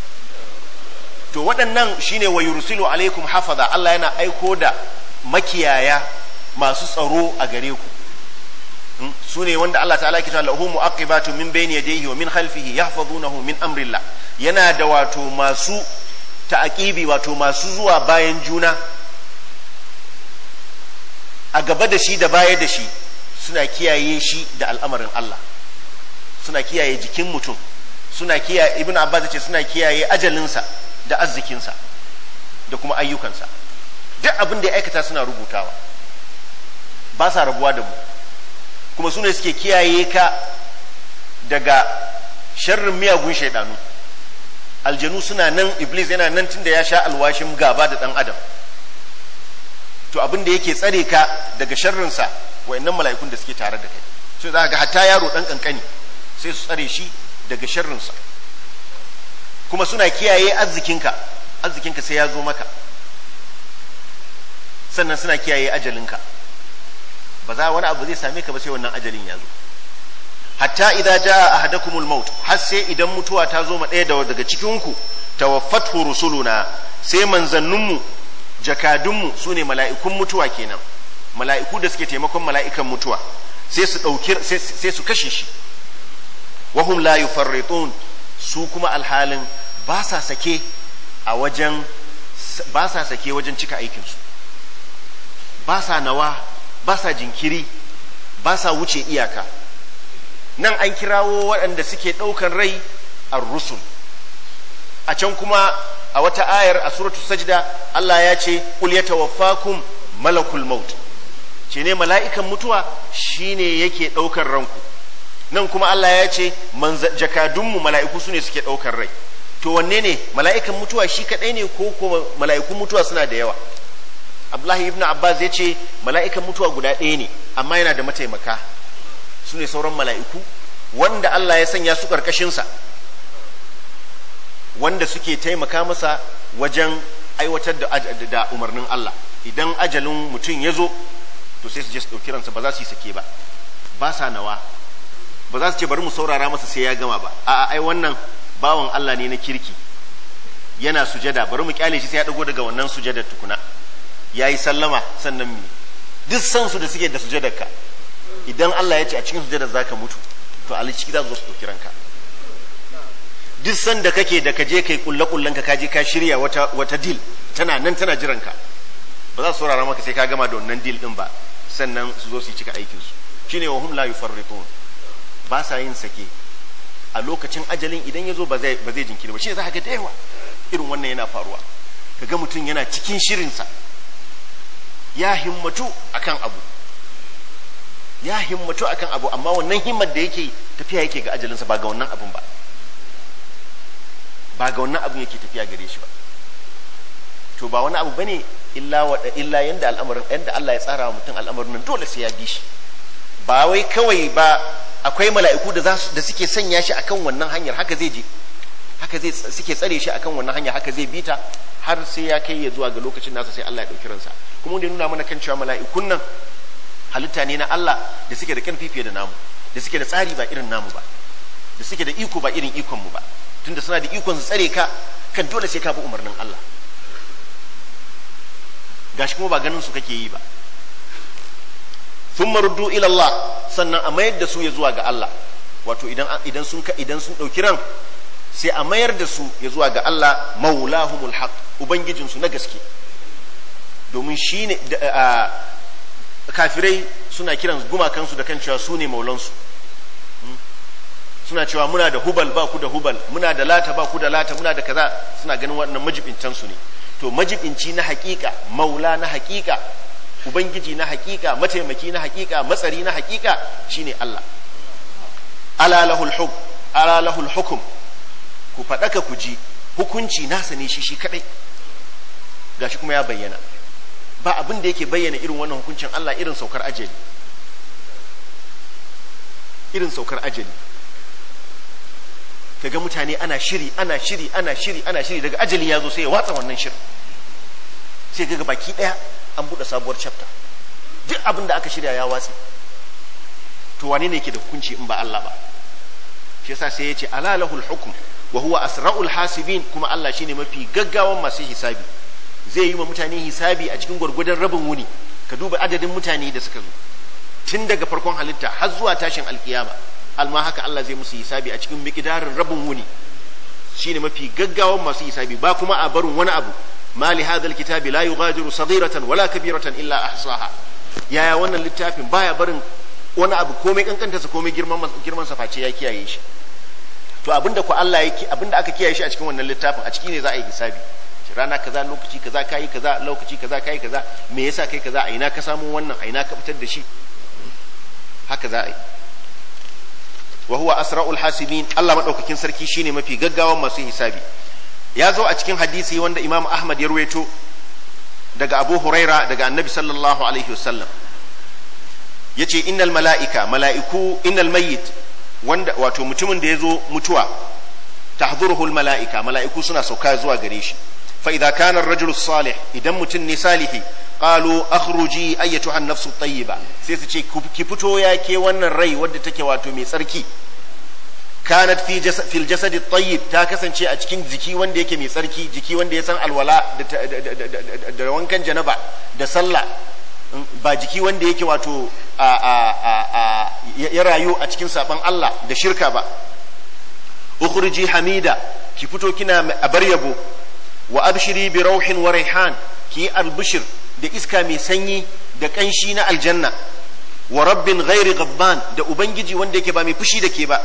to waɗannan shine wa yursilu alaikum hafaza Allah yana aiko da makiyaya masu tsaro a gare ku hmm? su ne wanda Allah ta'ala ke lahu mu'aqibatu min bayni yadayhi wa min khalfihi yahfazunahu min amrillah yana da wato masu ta'aqibi wato masu zuwa bayan juna a gaba da shi da baya da shi suna kiyaye shi da al'amarin Allah suna kiyaye jikin mutum suna kiyaye ibn abbas ce suna kiyaye ajalinsa da arzikinsa da kuma ayyukansa duk abin da ya aikata suna rubutawa ba sa rabuwa da mu kuma su suke kiyaye ka daga sharrin miyagun shaidanu aljanu suna nan iblis yana nan tun da ya sha alwashin gaba da dan adam to abin da yake tsare ka daga sharrinsa wa'annan mala'ikun da suke tare da kai sai za ga hatta yaro dan kankani sai su tsare shi daga sharrinsa kuma suna kiyaye arzikinka arzikinka sai ya zo maka sannan suna kiyaye ajalinka ba za wani abu zai same ka ba sai wannan ajalin ya zo hatta idza jaa ahadakumul maut har sai idan mutuwa ta zo ma daya daga cikinku tawaffathu rusuluna sai manzanninmu jakadunmu su ne mala'ikun mutuwa kenan mala'iku da suke taimakon mala'ikan mutuwa sai su ɗauki sai su kashe shi wahum la yufarritun su kuma alhalin ba sa sake a wajen cika aikinsu ba sa nawa ba sa jinkiri ba sa wuce iyaka nan an kirawo waɗanda suke ɗaukan rai a rusul a can kuma a wata ayar a suratu sajda Allah ya ce ƙulyata ya tawaffakum malakul maut ce ne mala'ikan mutuwa shi ne yake ɗaukar ranku nan kuma Allah ya ce jakadunmu mala'iku su ne suke ɗaukar rai to wanne ne mala'ikan mutuwa shi kaɗai ne ko kuma mala'ikun mutuwa suna da yawa Abdullahi ibn Abbas ya ce mala'ikan mutuwa guda ɗaya ne amma yana da mataimaka su ne sauran mala'iku wanda Allah ya sanya su ƙarƙashinsa wanda suke taimaka masa wajen aiwatar da umarnin Allah idan ajalin mutum ya zo to sai su je su ɗauki ransa ba za su yi sake ba ba sa nawa ba za su ce bari mu saurara masa sai ya gama ba a ai wannan bawan Allah ne na kirki yana sujada bari mu kyale shi sai ya dago daga wannan sujada tukuna yayi sallama sannan mu duk san su da suke da ka idan Allah ya ce a cikin sujadar zaka mutu to a ciki za su zo su ɗauki ranka duk san da kake da kaje kai kulle kullen ka kaje ka shirya wata wata deal tana nan tana jiran ka ba za su saurara maka sai ka gama da wannan deal din ba sannan su zo su yi cika aikin su shine wa hum la yufarriqun ba sa yin sake a lokacin ajalin idan ya zo ba zai jinkiri ba shi za ga da yawa irin wannan yana faruwa kaga mutum yana cikin shirinsa ya himmatu akan abu ya himmatu akan abu amma wannan himmat da yake tafiya yake ga ajalinsa ba ga wannan abun ba ba ga wannan abun yake tafiya gare shi ba to ba wani abu bane illa wada illa yanda al'amarin yanda Allah ya tsara wa mutum al'amarin nan dole sai ya bi shi ba wai kawai ba akwai mala'iku da suke sanya shi akan wannan hanyar haka zai je haka zai suke tsare shi akan wannan hanya haka zai bita har sai ya kai ya zuwa ga lokacin nasa sai Allah ya dauki ransa kuma wanda ya nuna mana kan cewa mala'ikun nan halitta ne na Allah da suke da karfi fiye da namu da suke da tsari ba irin namu ba da suke da iko ba irin ikon mu ba tunda suna da ikon su tsare ka kan dole sai ka bi umarnin Allah gashi kuma ba ganin su kake yi ba sun mardu ilallah sannan a mayar da su ya zuwa ga Allah wato idan sun idan sun ɗauki ran sai a mayar da su ya zuwa ga Allah maulahumul haq ubangijinsu na gaske domin shi ne kafirai suna kiran gumakansu da kan cewa su ne maulansu hmm? suna cewa muna da hubal ba ku da hubal muna da lata ba ku da lata muna da kaza suna ganin waɗannan majibincansu ne to majibinci na hakika maula na hakika ubangiji na hakika mataimaki na hakika matsari na hakika shine Allah ala lahul hukm ala lahul hukm ku faɗaka ku ji hukunci nasa ne shi shi kadai gashi kuma ya bayyana ba abin da yake bayyana irin wannan hukuncin Allah irin saukar ajali irin saukar ajali kaga mutane ana shiri ana shiri ana shiri ana shiri daga ajali ya zo sai ya watsa wannan shirin sai kaga baki daya an buɗe sabuwar chapter duk abin da aka shirya ya watsi to wane ne ke da hukunci in ba Allah ba shi yasa sai ya ce ala lahul hukm wa huwa asra'ul hasibin kuma Allah shine mafi gaggawan masu hisabi zai yi ma mutane hisabi a cikin gwargwadon rabin wuni ka duba adadin mutane da suka zo tun daga farkon halitta har zuwa tashin alkiyama alma haka Allah zai musu hisabi a cikin mikidarin rabin wuni shine mafi gaggawan masu hisabi ba kuma a barin wani abu ma li kitabi alkitabi la yughadiru saghiratan wala kabiratan illa ahsaha yaya wannan littafin baya barin wani abu komai kankanta komai girman face ya kiyaye shi to abinda ku Allah yake abinda aka kiyaye shi a cikin wannan littafin a ciki ne za a yi hisabi rana kaza lokaci kaza kai kaza lokaci kaza kai kaza me yasa kai kaza a ka samu wannan a ka fitar da shi haka za a yi wa huwa asra'ul hasibin Allah madaukakin sarki ne mafi gaggawa masu hisabi ya zo a cikin hadisi wanda imam ahmad ya ruwaito daga abu huraira daga annabi sallallahu alaihi wasallam ya ce innal mala'ika mala'iku innal mayyit wanda wato mutumin da ya zo mutuwa tahzuruhu mala'ika mala'iku suna sauka zuwa gare shi fa idza kana ar-rajulu salih idan mutum ne salihi qalu akhruji ayyatuha an-nafsu tayyiba sai su ce ki fito ya ke wannan rai wadda take wato mai tsarki kanat fi fil jasadi tayyib ta kasance a cikin jiki wanda yake mai tsarki jiki wanda ya san alwala da wankan janaba da sallah mm, ba jiki wanda yake wato ya rayu a cikin saban Allah da shirka ba ukhruji hamida ki fito kina bar yabo wa abshiri bi rauhin wa raihan ki albushir da iska mai sanyi da kanshi na aljanna wa rabbin ghairi gabban da ubangiji wanda yake ba mai fushi da ke ba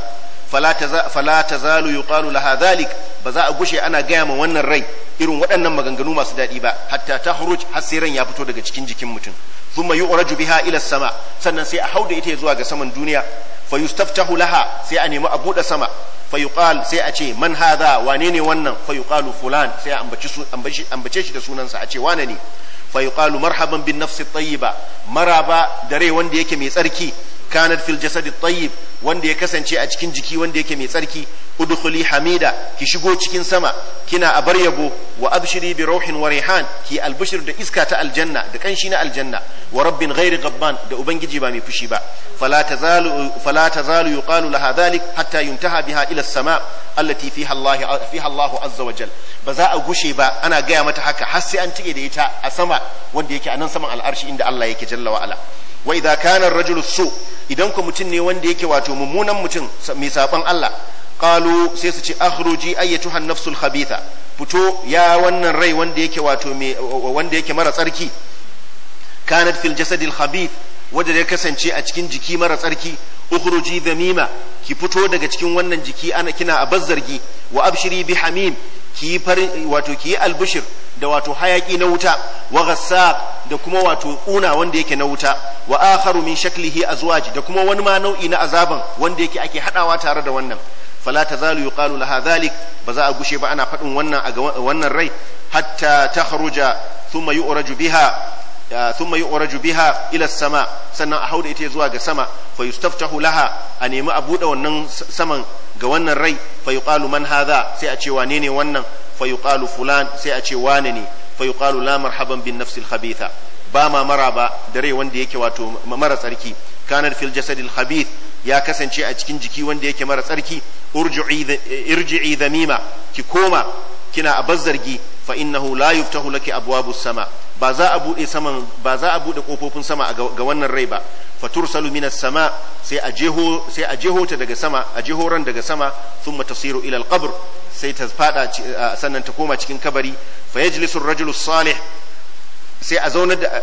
fala ta zalu yuqalu laha zalik ba za a gushe ana gaya ma wannan rai irin waɗannan maganganu masu daɗi ba hatta ta huruj har sai ran ya fito daga cikin jikin mutum thumma yu'raju biha ila sama sannan sai a hau da ita zuwa ga saman duniya fa yustaftahu laha sai a nemi a buɗe sama fa yuqal sai a ce man hadha wane ne wannan fa yuqalu fulan sai a ambace shi da sunansa a ce wane ne fa yuqalu marhaban bin nafsi tayyiba maraba da rai wanda yake mai tsarki kanat fil jasadi tayyib wanda ya kasance a cikin jiki wanda yake mai tsarki udkhuli hamida ki shigo cikin sama kina a bar yabo wa abshiri bi rauhin wa rihan ki albishir da iska ta aljanna da kanshi na aljanna wa rabbin ghairi gabban da ubangiji ba mai fushi ba fala tazalu fala tazalu yuqalu laha dhalik hatta yuntaha biha ila sama allati fiha Allah fiha Allah azza wa jal ba za a gushe ba ana gaya mata haka har sai an tike da ita a sama wanda yake a nan saman al'arshi inda Allah yake jalla wa ala wa idza kana ar-rajulu su idan ku mutum ne wanda yake wato wato mummunan mutum mai saban Allah qalu sai su ce akhruji ayyatuha nafsul khabitha fito ya wannan rai wanda yake wato wanda yake mara tsarki kanat fil jasadil khabith wanda ya kasance a cikin jiki mara tsarki ukhruji zamima ki fito daga cikin wannan jiki ana kina a zargi wa abshiri bi hamim ki farin wato albushir da wato hayaki na wuta wa da kuma wato una wanda yake na wuta wa akharu min shaklihi azwaj da kuma wani ma nau'i na azaban wanda yake ake hadawa tare da wannan fala tazalu yuqalu laha dhalik ba za a gushe ba ana faɗin wannan wannan rai hatta takhruja thumma yu'raju biha thumma yu'raju biha ila sama sannan a hauda ita zuwa ga sama fa yustaftahu laha a nemi a bude wannan saman ga wannan rai fa yuqalu man hadha sai a ce wane ne wannan fa yuqalu fulan sai a ce wane ne fa yuqalu la marhaban bin nafsil khabitha ba ma maraba da rai wanda yake wato mara tsarki kanar fil jasadil khabith ya kasance a cikin jiki wanda yake mara tsarki irji'i zamima ki koma kina abazzargi fa innahu la yuftahu laki abwabus sama ba za a buɗe saman ba za a buɗe ƙofofin sama ga wannan rai ba fatursalu minas sama sai a jeho sai a jeho ta daga sama a jeho ran daga sama thumma tasiru ila alqabr sai ta fada sannan ta koma cikin kabari fayajlisu ar-rajulu salih sai a zaunar da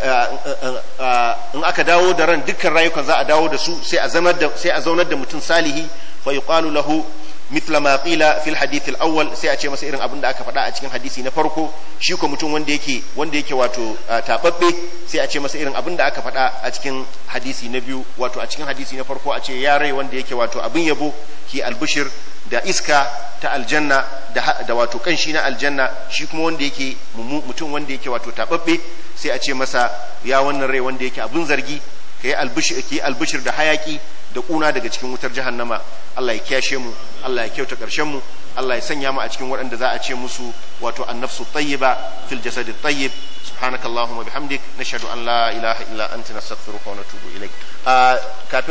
in aka dawo da ran dukkan rayukan za a dawo da su sai a zaunar da mutum salihi fa yuqalu lahu mithla ma qila fil hadith al awwal sai a ce masa irin abin da aka faɗa a cikin hadisi na farko shi ko mutum wanda yake wanda yake wato tababbe sai a ce masa irin abin da aka faɗa a cikin hadisi na biyu wato a cikin hadisi na farko a ce ya rai wanda yake wato abin yabo ki albushir da iska ta aljanna da, da wato kanshi na aljanna shi kuma wanda yake mutum wanda yake wato tababbe sai a ce masa ya wannan rai wanda yake abin zargi ka yi albishir da hayaki da kuna daga cikin wutar jahannama Allah ya kiyashe mu Allah ya kyauta karshen mu Allah ya sanya mu a cikin waɗanda za a ce musu wato annafsu tayyiba fil jasadi tayyib subhanakallahumma bihamdik nashhadu an la ilaha illa anta nastaghfiruka wa natubu ilaik ah, kafin